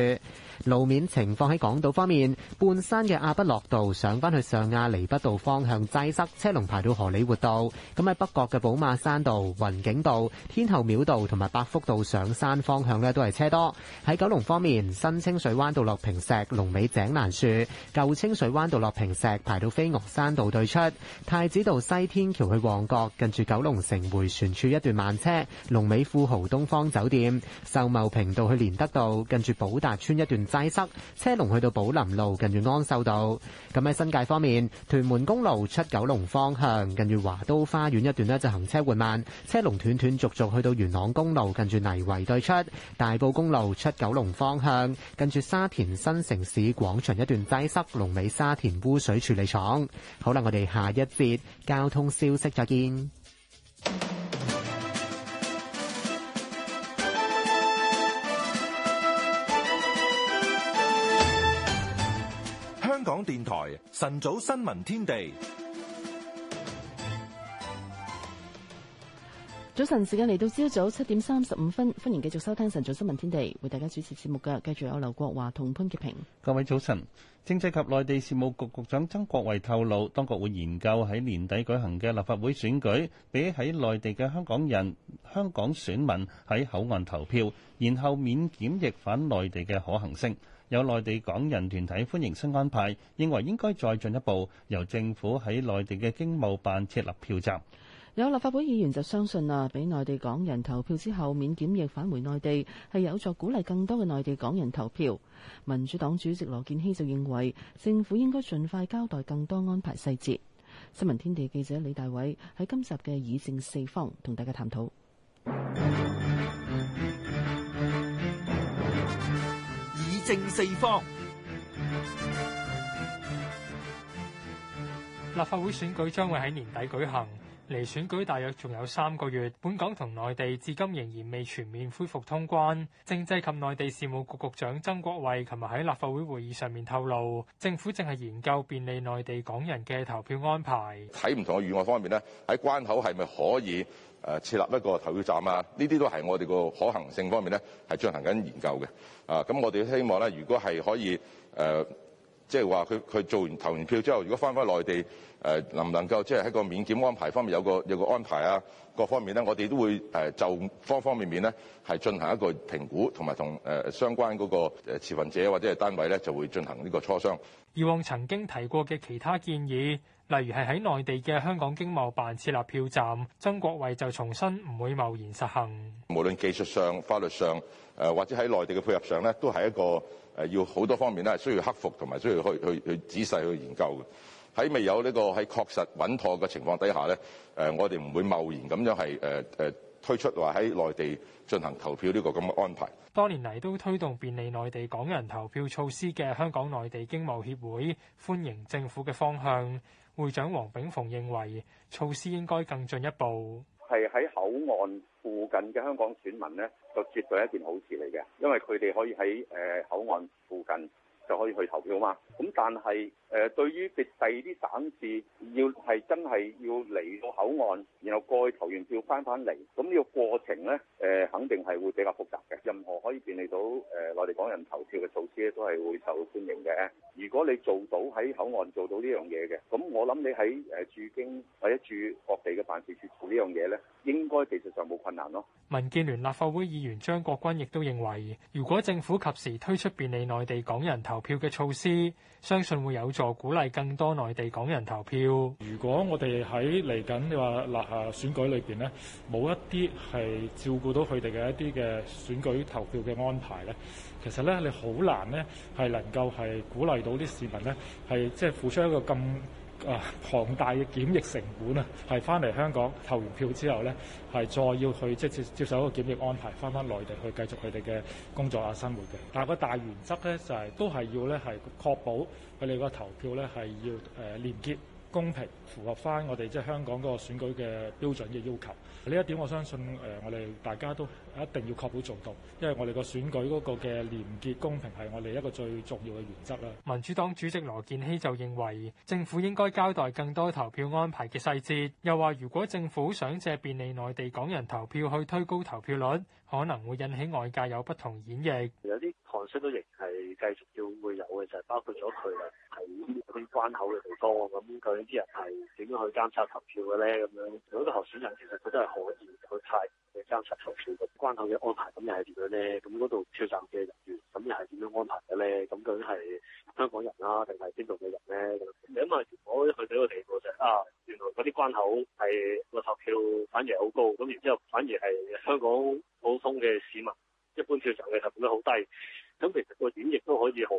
路面情況喺港島方面，半山嘅亞畢諾道上返去上亞厘畢道方向擠塞，塞，車龍排到荷里活道。咁喺北角嘅寶馬山道、雲景道、天后廟道同埋百福道上山方向呢都係車多。喺九龍方面，新清水灣道落坪石、龍尾井蘭樹；舊清水灣道落坪石，排到飛鵝山道對出。太子道西天橋去旺角，近住九龍城迴旋處一段慢車。龍尾富豪東方酒店、秀茂坪道去連德道，近住寶達邨一段。擠塞，塞，車龍去到寶林路，近住安秀道。咁喺新界方面，屯門公路出九龍方向，近住華都花園一段呢，就行車緩慢，車龍斷斷續續去到元朗公路，近住泥圍對出，大埔公路出九龍方向，近住沙田新城市廣場一段擠塞，塞，龍尾沙田污水處理廠。好啦，我哋下一節交通消息再見。香港電台晨早新聞天地，早晨時間嚟到朝早七點三十五分，歡迎繼續收聽晨早新聞天地，為大家主持節目嘅繼續有劉國華同潘潔平。各位早晨，政制及內地事務局局長曾國衛透露，當局會研究喺年底舉行嘅立法會選舉，俾喺內地嘅香港人、香港選民喺口岸投票，然後免檢疫返內地嘅可行性。有內地港人團體歡迎新安排，認為應該再進一步，由政府喺內地嘅經貿辦設立票站。有立法會議員就相信啊，俾內地港人投票之後免檢疫返回內地，係有助鼓勵更多嘅內地港人投票。民主黨主席羅健熙就認為，政府應該盡快交代更多安排細節。新聞天地記者李大偉喺今集嘅《以正四方》同大家探討。 正四方立法會選舉將會喺年底舉行，離選舉大約仲有三個月。本港同內地至今仍然未全面恢復通關。政制及內地事務局局長曾國衛琴日喺立法會會議上面透露，政府正係研究便利內地港人嘅投票安排。喺唔同嘅預案方面呢喺關口係咪可以？誒設立一個投票站啊。呢啲都係我哋個可行性方面咧，係進行緊研究嘅。啊，咁我哋希望咧，如果係可以誒，即係話佢佢做完投完票之後，如果翻返內地誒、呃，能唔能夠即係喺個免檢安排方面有個有個安排啊？各方面咧，我哋都會誒就方方面面咧，係進行一個評估，同埋同誒相關嗰個誒持份者或者係單位咧，就會進行呢個磋商。以往曾經提過嘅其他建議。例如係喺內地嘅香港經貿辦設立票站，曾國衞就重申唔會貿然實行。無論技術上、法律上，誒或者喺內地嘅配合上咧，都係一個誒要好多方面咧，係需要克服同埋需要去去去，去，去仔細去研究嘅。喺未有呢個喺確實穩妥嘅情況底下咧，誒我哋唔會貿然咁樣係誒誒推出話喺內地進行投票呢個咁嘅安排。多年嚟都推動便利內地港人投票措施嘅香港內地經貿協會歡迎政府嘅方向。會長黃炳鳳認為措施應該更進一步，係喺口岸附近嘅香港選民呢，就絕對一件好事嚟嘅，因為佢哋可以喺誒口岸附近就可以去投票嘛。咁但係，誒對於極細啲省市，要係真係要嚟到口岸，然後過去投完票翻返嚟，咁呢個過程咧，誒、呃、肯定係會比較複雜嘅。任何可以便利到誒內地港人投票嘅措施，都係會受歡迎嘅。如果你做到喺口岸做到呢樣嘢嘅，咁我諗你喺誒駐京或者駐各地嘅辦事處做呢樣嘢呢，應該技術上冇困難咯。民建聯立法會議員張國鈞亦都認為，如果政府及時推出便利內地港人投票嘅措施，相信會有助鼓勵更多內地港人投票。如果我哋喺嚟緊你話立下選舉裏邊呢，冇一啲係照顧到佢哋嘅一啲嘅選舉投票嘅安排呢，其實呢，你好難呢係能夠係鼓勵到啲市民呢，係即係付出一個咁。啊！龐大嘅檢疫成本啊，係翻嚟香港投完票之後呢，係再要去即係、就是、接、接受一個檢疫安排，翻返內地去繼續佢哋嘅工作啊生活嘅。但係個大原則呢，就係、是、都係要呢，係確保佢哋個投票呢，係要誒、呃、連結。公平符合翻我哋即係香港嗰個選舉嘅標準嘅要求，呢一點我相信誒、呃、我哋大家都一定要確保做到，因為我哋個選舉嗰個嘅廉潔公平係我哋一個最重要嘅原則啦。民主黨主席羅健熙就認為政府應該交代更多投票安排嘅細節，又話如果政府想借便利內地港人投票去推高投票率，可能會引起外界有不同演繹，主主有啲行式都仍係繼續要會有嘅，就係包括咗佢啦。啲關口嘅地方，咁究竟啲人係點樣去監察投票嘅咧？咁樣，如果個候選人其實佢都係可以去，去派去監察投票咁關口嘅安排咁又係點樣咧？咁嗰度票站嘅人員咁又係點樣安排嘅咧？咁究竟係香港人啦，定係邊度嘅人咧？咁啊，呢嗯、 如果去到個地步，就啊，原來嗰啲關口係個投票反而好高，咁然之後反而係香港普通嘅市民一般票站嘅投票都好低。咁其實個點亦都可以好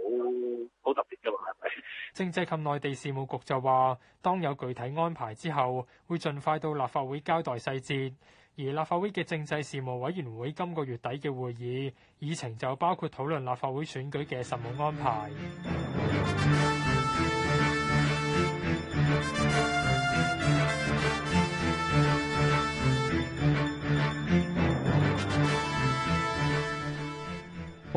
好特別㗎嘛，係咪？政制及內地事務局就話，當有具體安排之後，會盡快到立法會交代細節。而立法會嘅政制事務委員會今個月底嘅會議議程就包括討論立法會選舉嘅實務安排。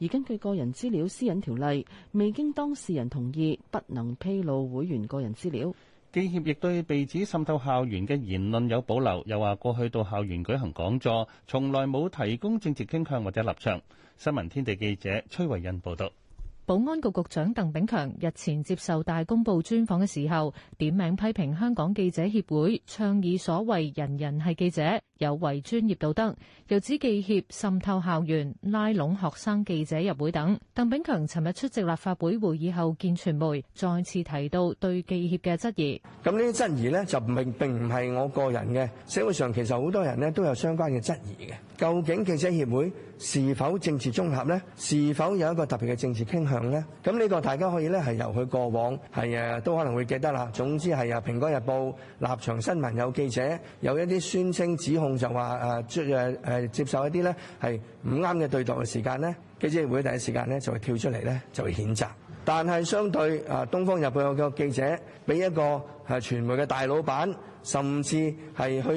而根據個人資料私隱條例，未經當事人同意，不能披露會員個人資料。記協亦對被指滲透校園嘅言論有保留，又話過去到校園舉行講座，從來冇提供政治傾向或者立場。新聞天地記者崔維韻報道。保安局局長鄧炳強日前接受大公報專訪嘅時候，點名批評香港記者協會倡議所謂人人係記者。有違專業道德，又指記協滲透校園拉攏學生記者入會等。鄧炳強尋日出席立法會會議後見傳媒，再次提到對記協嘅質疑。咁呢啲質疑咧就唔係並唔係我個人嘅，社會上其實好多人咧都有相關嘅質疑嘅。究竟記者協會是否政治中立咧？是否有一個特別嘅政治傾向咧？咁呢個大家可以咧係由佢過往係啊都可能會記得啦。總之係啊，《蘋果日報》、《立場新聞》有記者有一啲宣稱指控。就話誒，即誒誒接受一啲咧，係唔啱嘅對待嘅時間咧，記者會第一時間咧就會跳出嚟咧，就會譴責。但係相對啊，東方日報有個記者俾一個係傳媒嘅大老闆，甚至係去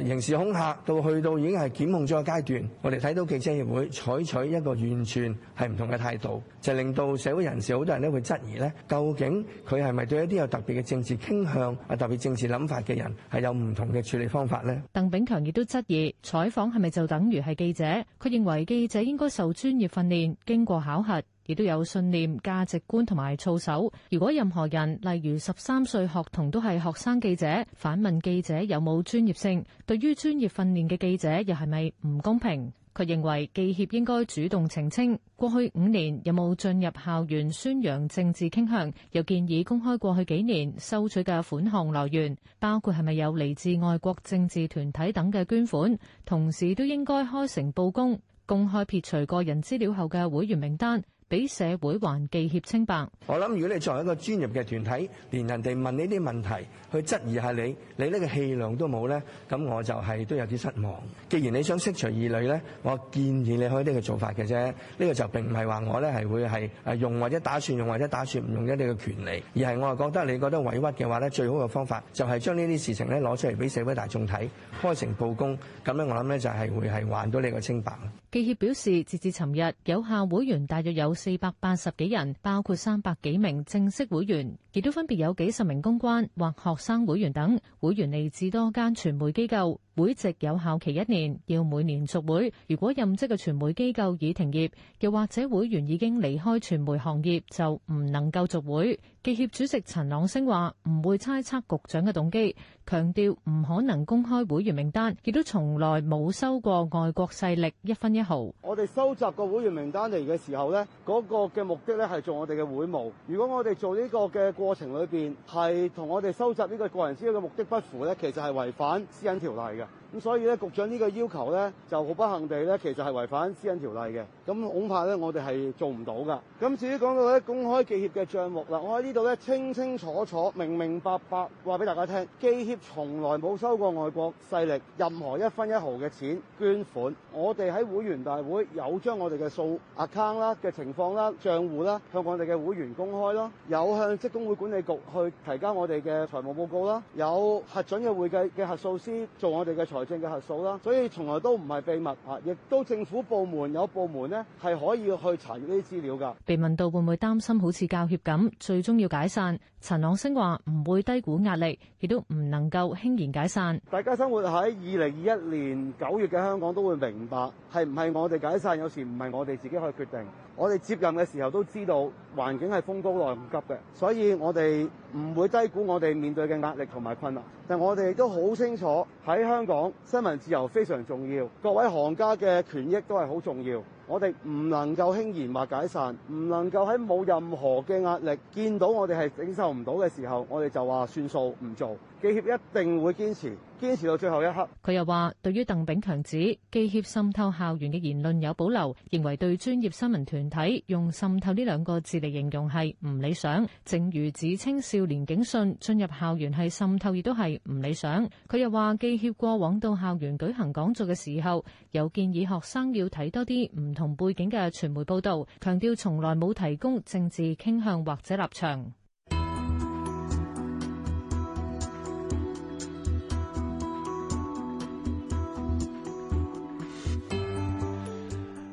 誒刑事恐嚇，到去到已經係檢控咗個階段，我哋睇到記者協會採取一個完全係唔同嘅態度，就令到社會人士好多人都會質疑咧，究竟佢係咪對一啲有特別嘅政治傾向啊、特別政治諗法嘅人係有唔同嘅處理方法呢？」鄧炳強亦都質疑採訪係咪就等於係記者？佢認為記者應該受專業訓練，經過考核。亦都有信念、價值觀同埋操守。如果任何人，例如十三歲學童，都係學生記者，反問記者有冇專業性？對於專業訓練嘅記者，又係咪唔公平？佢認為記協應該主動澄清過去五年有冇進入校園宣揚政治傾向，又建議公開過去幾年收取嘅款項來源，包括係咪有嚟自外國政治團體等嘅捐款，同時都應該開誠佈公公開撇除個人資料後嘅會員名單。俾社會還記協清白。我諗，如果你作為一個專業嘅團體，連人哋問呢啲問題，去質疑下你，你呢個氣量都冇咧，咁我就係都有啲失望。既然你想釋除疑慮咧，我建議你可以呢個做法嘅啫。呢個就並唔係話我咧係會係誒用或者打算用或者打算唔用一啲嘅權利，而係我係覺得你覺得委屈嘅話咧，最好嘅方法就係將呢啲事情咧攞出嚟俾社會大眾睇，開誠佈公。咁咧，我諗咧就係會係還到你個清白。記協表示，截至尋日，有效會員大約有四百八十幾人，包括三百幾名正式會員，亦都分別有幾十名公關或學生會員等。會員嚟自多間傳媒機構，會籍有效期一年，要每年續會。如果任職嘅傳媒機構已停業，又或者會員已經離開傳媒行業，就唔能夠續會。記協主席陳朗升話唔會猜測局長嘅動機，強調唔可能公開會員名單，亦都從來冇收過外國勢力一分一毫。我哋收集個會員名單嚟嘅時候呢嗰、嗰個嘅目的咧係做我哋嘅會務。如果我哋做呢個嘅過程裏邊係同我哋收集呢個個人資料嘅目的不符呢，其實係違反私隱條例嘅。咁所以呢，局長呢個要求呢，就好不幸地呢，其實係違反私隱條例嘅。咁恐怕呢，我哋係做唔到噶。咁至於講到咧公開記協嘅賬目啦，我喺呢？到咧清清楚楚、明明白白話俾大家聽。基協從來冇收過外國勢力任何一分一毫嘅錢捐款。我哋喺會員大會有將我哋嘅數 account 啦、嘅情況啦、賬戶啦向我哋嘅會員公開啦，有向職工會管理局去提交我哋嘅財務報告啦，有核准嘅會計嘅核數師做我哋嘅財政嘅核數啦，所以從來都唔係秘密啊！亦都政府部門有部門呢係可以去查閲呢啲資料㗎。被問到會唔會擔心好似教協咁最終要解散，陳朗昇話唔會低估壓力，亦都唔能夠輕言解散。大家生活喺二零二一年九月嘅香港都會明白，係唔係我哋解散，有時唔係我哋自己去決定。我哋接任嘅時候都知道，環境係風高浪急嘅，所以我哋唔會低估我哋面對嘅壓力同埋困難。但我哋都好清楚，喺香港新聞自由非常重要，各位行家嘅權益都係好重要。我哋唔能夠輕言話解散，唔能夠喺冇任何嘅壓力，見到我哋係承受唔到嘅時候，我哋就話算數，唔做。記協一定會堅持，堅持到最後一刻。佢又話：對於鄧炳強指記協滲透校園嘅言論有保留，認為對專業新聞團體用滲透呢兩個字嚟形容係唔理想。正如指青少年警訊進入校園係滲透，亦都係唔理想。佢又話：記協過往到校園舉行講座嘅時候，有建議學生要睇多啲唔同背景嘅傳媒報導，強調從來冇提供政治傾向或者立場。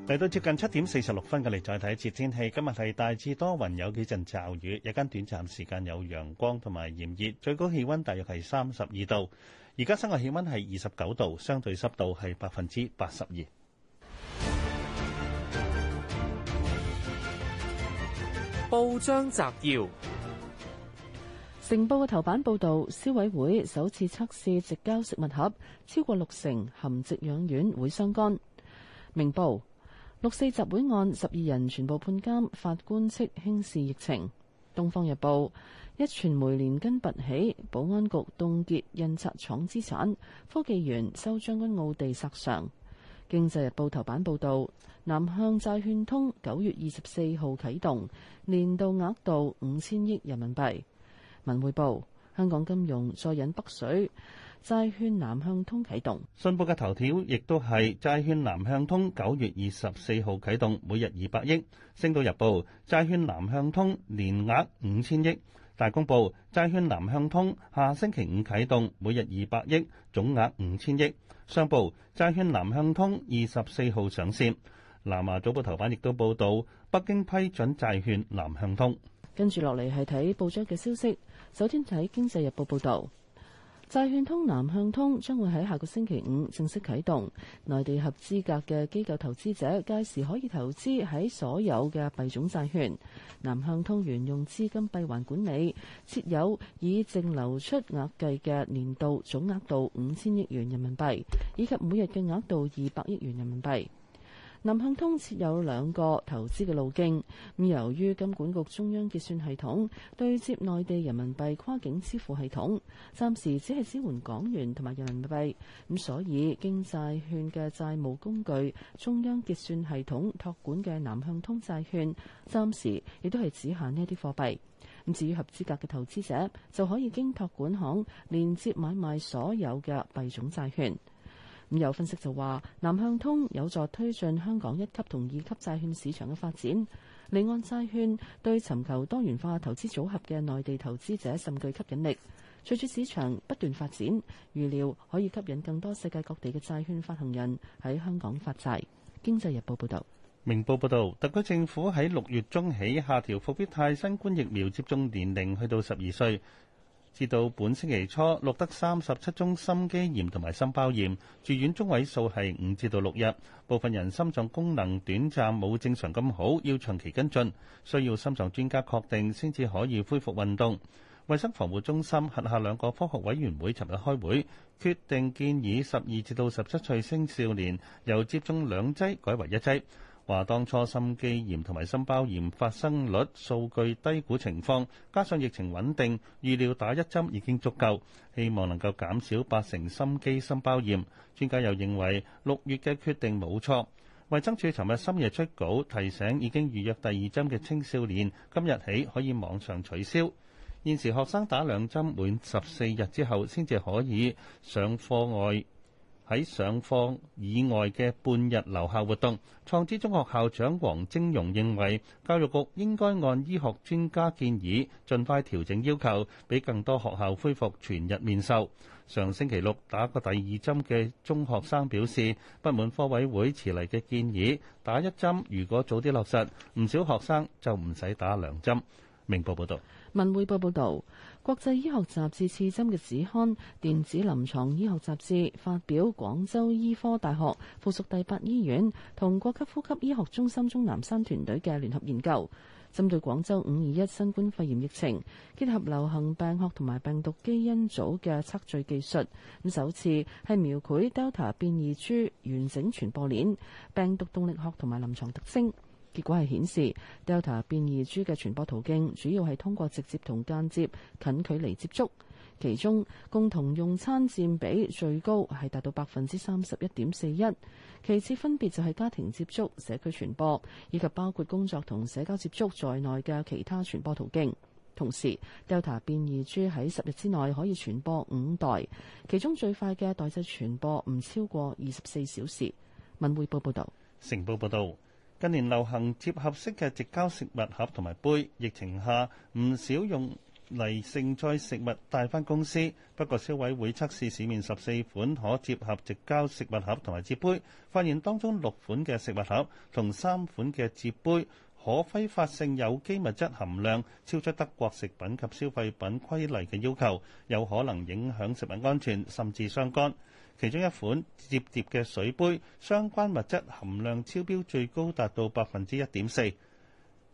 嚟到接近七點四十六分嘅，嚟再睇一節天氣。今日係大致多雲，有幾陣驟雨，間短暫時間有間短暫時間有陽光同埋炎熱，最高氣溫大約係三十二度。而家室外氣溫係二十九度，相對濕度係百分之八十二。報章摘要：城報嘅頭版報導，消委會首次測試直交食物盒，超過六成含直養丸會相干。明報。六四集會案十二人全部判監，法官斥輕視疫情。《東方日報》壹傳媒連根拔起，保安局凍結印刷廠資產。科技園收將軍澳地賒償。《經濟日報》頭版報導，南向債券通九月二十四號啟動，年度額度五千億人民幣。《文匯報》香港金融再引北水。債券南向通啟動，信報嘅頭條亦都係債券南向通九月二十四號啟動，每日二百億。星島日報債券南向通年額五千億。大公報債券南向通下星期五啟動，每日二百億，總額五千億。商報債券南向通二十四號上線。南華早報頭版亦都報道，北京批准債券南向通。跟住落嚟係睇報章嘅消息，首先睇經濟日報報道。債券通南向通將會喺下個星期五正式啟動，內地合資格嘅機構投資者屆時可以投資喺所有嘅幣種債券。南向通沿用資金閉環管理，設有以淨流出額計嘅年度總額度五千億元人民幣，以及每日嘅額度二百億元人民幣。南向通設有兩個投資嘅路徑，咁由於金管局中央結算系統對接內地人民幣跨境支付系統，暫時只係支援港元同埋人民幣，咁所以經債券嘅債務工具中央結算系統託管嘅南向通債券，暫時亦都係只限呢一啲貨幣。咁至於合資格嘅投資者，就可以經託管行連接買賣所有嘅幣種債券。有分析就話，南向通有助推進香港一級同二級債券市場嘅發展，離岸債券對尋求多元化投資組合嘅內地投資者甚具吸引力。隨住市場不斷發展，預料可以吸引更多世界各地嘅債券發行人喺香港發債。經濟日報報道：明報報道，特區政府喺六月中起下調復必泰新冠疫苗接種年齡，去到十二歲。至到本星期初，錄得三十七宗心肌炎同埋心包炎，住院中位數係五至到六日。部分人心臟功能短暫冇正常咁好，要長期跟進，需要心臟專家確定先至可以恢復運動。衛生防護中心轄下兩個科學委員會尋日開會，決定建議十二至到十七歲青少年由接種兩劑改為一劑。話當初心肌炎同埋心包炎發生率數據低估情況，加上疫情穩定，預料打一針已經足夠，希望能夠減少八成心肌心包炎。專家又認為六月嘅決定冇錯。衞生署尋日深夜出稿，提醒已經預約第二針嘅青少年，今日起可以網上取消。現時學生打兩針滿十四日之後，先至可以上課外。喺上課以外嘅半日留校活動，創智中學校長黃晶容認為，教育局應該按醫學專家建議，盡快調整要求，俾更多學校恢復全日面授。上星期六打過第二針嘅中學生表示，不滿科委會遲嚟嘅建議，打一針如果早啲落實，唔少學生就唔使打兩針。明報報道。文匯報報導。國際醫學雜誌《刺針》嘅子刊電子臨床醫學雜誌發表廣州醫科大學附屬第八醫院同國家呼吸醫學中心鍾南山團隊嘅聯合研究，針對廣州五二一新冠肺炎疫情，結合流行病學同埋病毒基因組嘅測序技術，咁首次係描繪 Delta 變異株完整傳播鏈、病毒動力學同埋臨床特徵。結果係顯示，Delta 變異株嘅傳播途徑主要係通過直接同間接近距離接觸，其中共同用餐佔比最高係達到百分之三十一點四一，其次分別就係家庭接觸、社區傳播以及包括工作同社交接觸在內嘅其他傳播途徑。同時，Delta 變異株喺十日之內可以傳播五代，其中最快嘅代際傳播唔超過二十四小時。文匯報報道。成報報道。近年流行貼合式嘅直膠食物盒同埋杯，疫情下唔少用嚟盛載食物帶翻公司。不過消委會測試市面十四款可貼合直膠食物盒同埋接杯，發現當中六款嘅食物盒同三款嘅接杯，可揮發性有機物質含量超出德國食品及消費品規例嘅要求，有可能影響食品安全，甚至傷肝。其中一款摺疊嘅水杯，相關物質含量超標最高達到百分之一點四，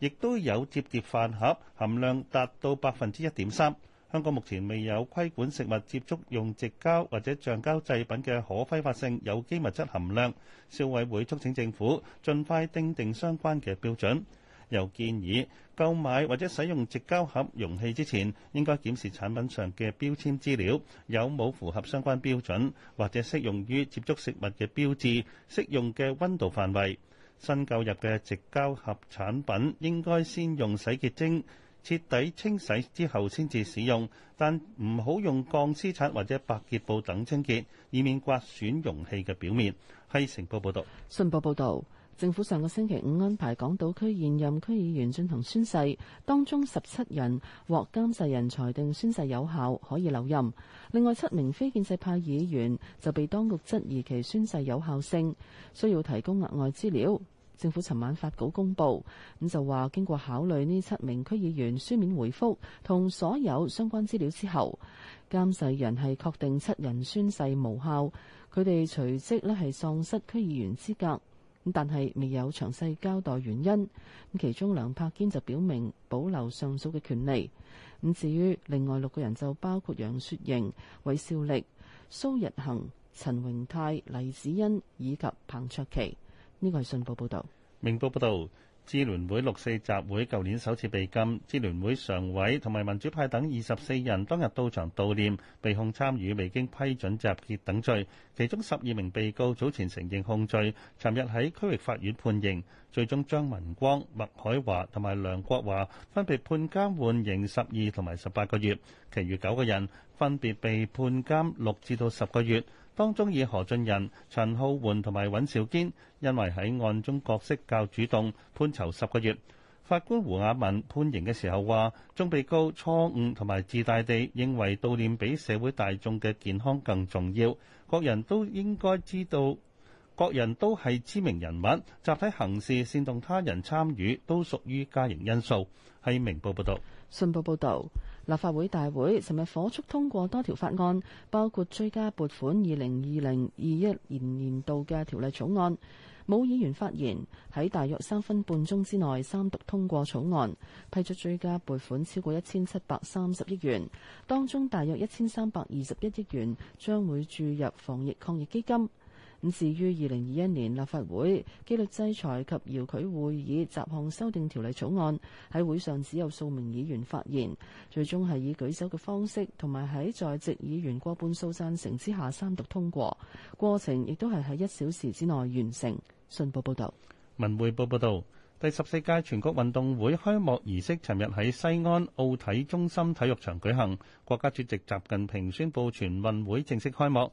亦都有摺疊飯盒含量達到百分之一點三。香港目前未有規管食物接觸用直膠或者橡膠製品嘅可揮發性有機物質含量，消委會促請政府盡快訂定定相關嘅標準。又建議購買或者使用直膠盒容器之前，應該檢視產品上嘅標籤資料，有冇符合相關標準或者適用於接觸食物嘅標誌、適用嘅溫度範圍。新購入嘅直膠盒產品應該先用洗潔精徹底清洗之後先至使用，但唔好用鋼絲刷或者百潔布等清潔，以免刮損容器嘅表面。係成報報道。信報報導。政府上個星期五安排港島區現任區議員進行宣誓，當中十七人獲監誓人裁定宣誓有效，可以留任。另外七名非建制派議員就被當局質疑其宣誓有效性，需要提供額外資料。政府尋晚發稿公佈，咁就話經過考慮呢七名區議員書面回覆同所有相關資料之後，監誓人係確定七人宣誓無效，佢哋隨即呢係喪失區議員資格。但係未有詳細交代原因。咁其中梁柏堅就表明保留上訴嘅權利。咁至於另外六個人就包括楊雪瑩、韋兆力、蘇日恒、陳榮泰、黎子欣以及彭卓琪。呢個係信報報道，明報報道。支聯會六四集會舊年首次被禁，支聯會常委同埋民主派等二十四人當日到場悼念，被控參與未經批准集結等罪，其中十二名被告早前承認控罪，尋日喺區域法院判刑，最終張文光、麥海華同埋梁國華分別判監緩刑十二同埋十八個月，其餘九個人分別被判監六至到十個月。當中以何俊仁、陳浩桓同埋尹兆堅，因為喺案中角色較主動，判囚十個月。法官胡雅文判刑嘅時候話，眾被告錯誤同埋自大地認為悼念比社會大眾嘅健康更重要，各人都應該知道，各人都係知名人物，集體行事煽動他人參與，都屬於加重因素。係明報報道。信報報導。立法會大會尋日火速通過多條法案，包括追加撥款二零二零二一年年度嘅條例草案，冇議員發言，喺大約三分半鐘之內三讀通過草案，批出追加撥款超過一千七百三十億元，當中大約一千三百二十一億元將會注入防疫抗疫基金。咁至於二零二一年立法會紀律制裁及遙距會議集項修訂條例草案，喺會上只有數名議員發言，最終係以舉手嘅方式，同埋喺在席議員過半數贊成之下三讀通過，過程亦都係喺一小時之內完成。信報報道：「文匯報報道」第十四屆全國運動會開幕儀式，尋日喺西安奧體中心體育場舉行，國家主席習近平宣布全運會正式開幕。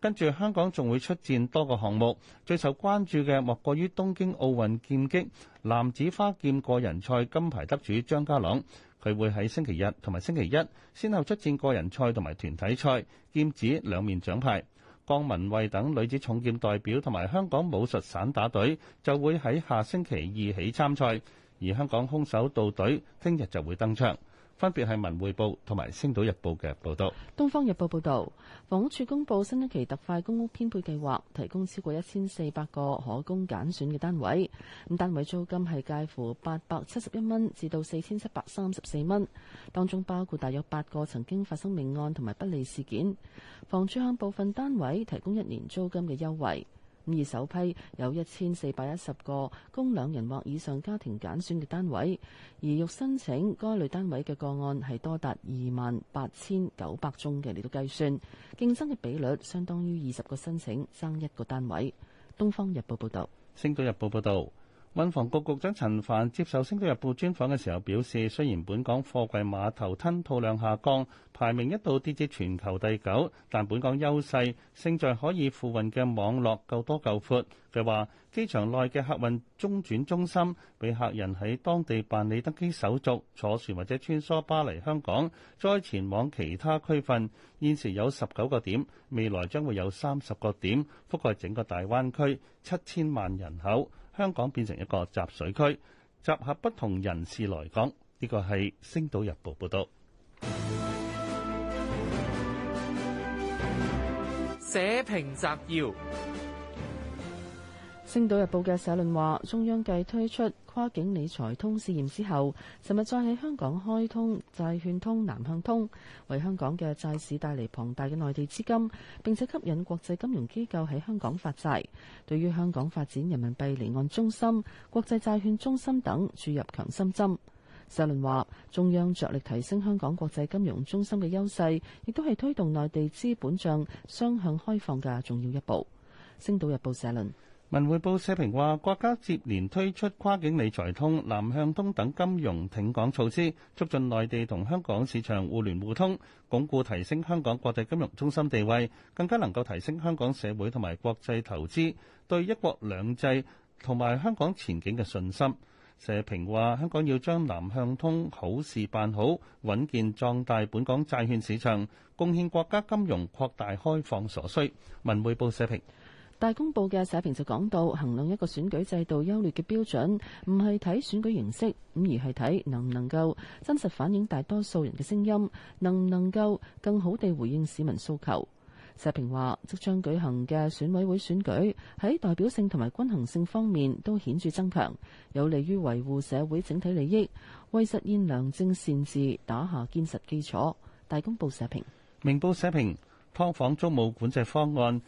跟住香港仲會出戰多個項目，最受關注嘅莫過於東京奧運劍擊男子花劍個人賽金牌得主張家朗，佢會喺星期日同埋星期一先後出戰個人賽同埋團體賽，劍指兩面獎牌。江旻憓等女子重劍代表同埋香港武術散打隊就會喺下星期二起參賽，而香港空手道隊聽日就會登場。分別係《文匯報》同埋《星島日報》嘅報道，《東方日報》報導，房屋署公布新一期特快公屋編配計劃，提供超過一千四百個可供揀選嘅單位。咁單位租金係介乎八百七十一蚊至到四千七百三十四蚊，當中包括大約八個曾經發生命案同埋不利事件，房署向部分單位提供一年租金嘅優惠。而首批有一千四百一十個供兩人或以上家庭揀選嘅單位，而欲申請該類單位嘅個案係多達二萬八千九百宗嘅，嚟到計算，競爭嘅比率相當於二十個申請爭一個單位。東方日報報道，星島日報報道。運房局局長陳帆接受《星島日報》專訪嘅時候表示，雖然本港貨櫃碼頭吞吐量下降，排名一度跌至全球第九，但本港優勢勝在可以付運嘅網絡夠多夠闊。佢話：機場內嘅客運中轉中心，俾客人喺當地辦理登機手續、坐船或者穿梭巴嚟香港，再前往其他區份。現時有十九個點，未來將會有三十個點覆蓋整個大灣區七千萬人口。香港變成一個集水區，集合不同人士來港。呢個係《星島日報》報道。社評集要。《星島日報》嘅社論話：中央繼推出跨境理財通試驗之後，尋日再喺香港開通債券通、南向通，為香港嘅債市帶嚟龐大嘅內地資金，並且吸引國際金融機構喺香港發債。對於香港發展人民幣離岸中心、國際債券中心等，注入強心針。社論話：中央着力提升香港國際金融中心嘅優勢，亦都係推動內地資本帳雙向開放嘅重要一步。《星島日報》社論。文匯報社評話：國家接連推出跨境理財通、南向通等金融挺港措施，促進內地同香港市場互聯互通，鞏固提升香港國際金融中心地位，更加能夠提升香港社會同埋國際投資對一國兩制同埋香港前景嘅信心。社評話：香港要將南向通好事辦好，穩健壯大本港債券市場，貢獻國家金融擴大開放所需。文匯報社評。大公報嘅社評就講到，衡量一個選舉制度優劣嘅標準，唔係睇選舉形式，咁而係睇能唔能夠真實反映大多數人嘅聲音，能唔能夠更好地回應市民訴求。社評話，即將舉行嘅選委會選舉喺代表性同埋均衡性方面都顯著增強，有利於維護社會整體利益，為實現良政善治打下堅實基礎。大公報社評。明報社評，劏房租務管制方案。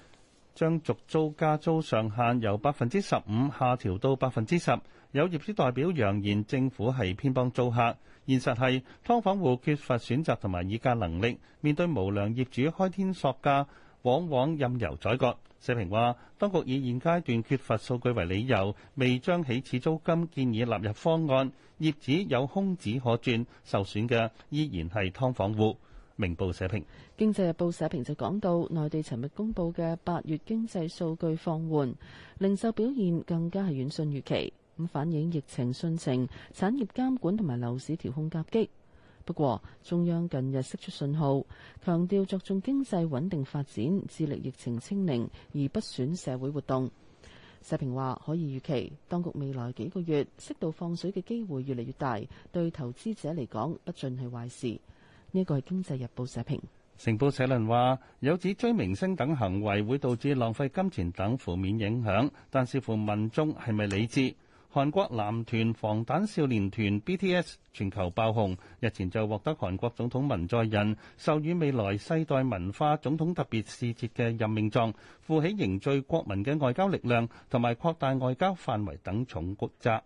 將續租加租上限由百分之十五下調到百分之十。有業主代表揚言政府係偏幫租客，現實係劏房戶缺乏選擇同埋議價能力，面對無良業主開天索價，往往任由宰割。社評話，當局以現階段缺乏數據為理由，未將起始租金建議納入方案，業主有空子可鑽，受損嘅依然係劏房戶。明報社評，經濟日報社評就講到，內地尋日公佈嘅八月經濟數據放緩，零售表現更加係遠遜預期，咁反映疫情汛情、產業監管同埋樓市調控夾擊。不過，中央近日釋出信號，強調着重經濟穩定發展，致力疫情清零，而不損社會活動，社評話可以預期，當局未來幾個月適度放水嘅機會越嚟越大，對投資者嚟講不盡係壞事。呢個係《經濟日報》社評，成報社論話有指追明星等行為會導致浪費金錢等負面影響，但視乎民眾係咪理智？韓國男團防彈少年團 BTS 全球爆紅，日前就獲得韓國總統文在寅授予未來世代文化總統特別使節嘅任命狀，負起凝聚國民嘅外交力量同埋擴大外交範圍等重國責。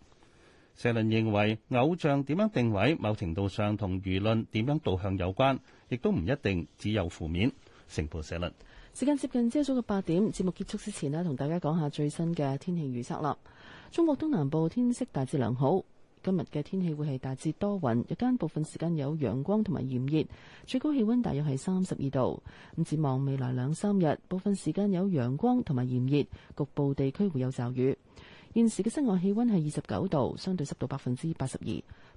社論認為偶像點樣定位，某程度上同輿論點樣導向有關，亦都唔一定只有負面。成報社論，時間接近朝早嘅八點，節目結束之前咧，同大家講下最新嘅天氣預測啦。中國東南部天色大致良好，今日嘅天氣會係大致多雲，日間部分時間有陽光同埋炎熱，最高氣溫大約係三十二度。咁展望未來兩三日，部分時間有陽光同埋炎熱，局部地區會有驟雨。現時嘅室外氣溫係二十九度，相對濕度百分之八十二。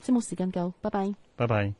節目時間夠，拜拜，拜拜。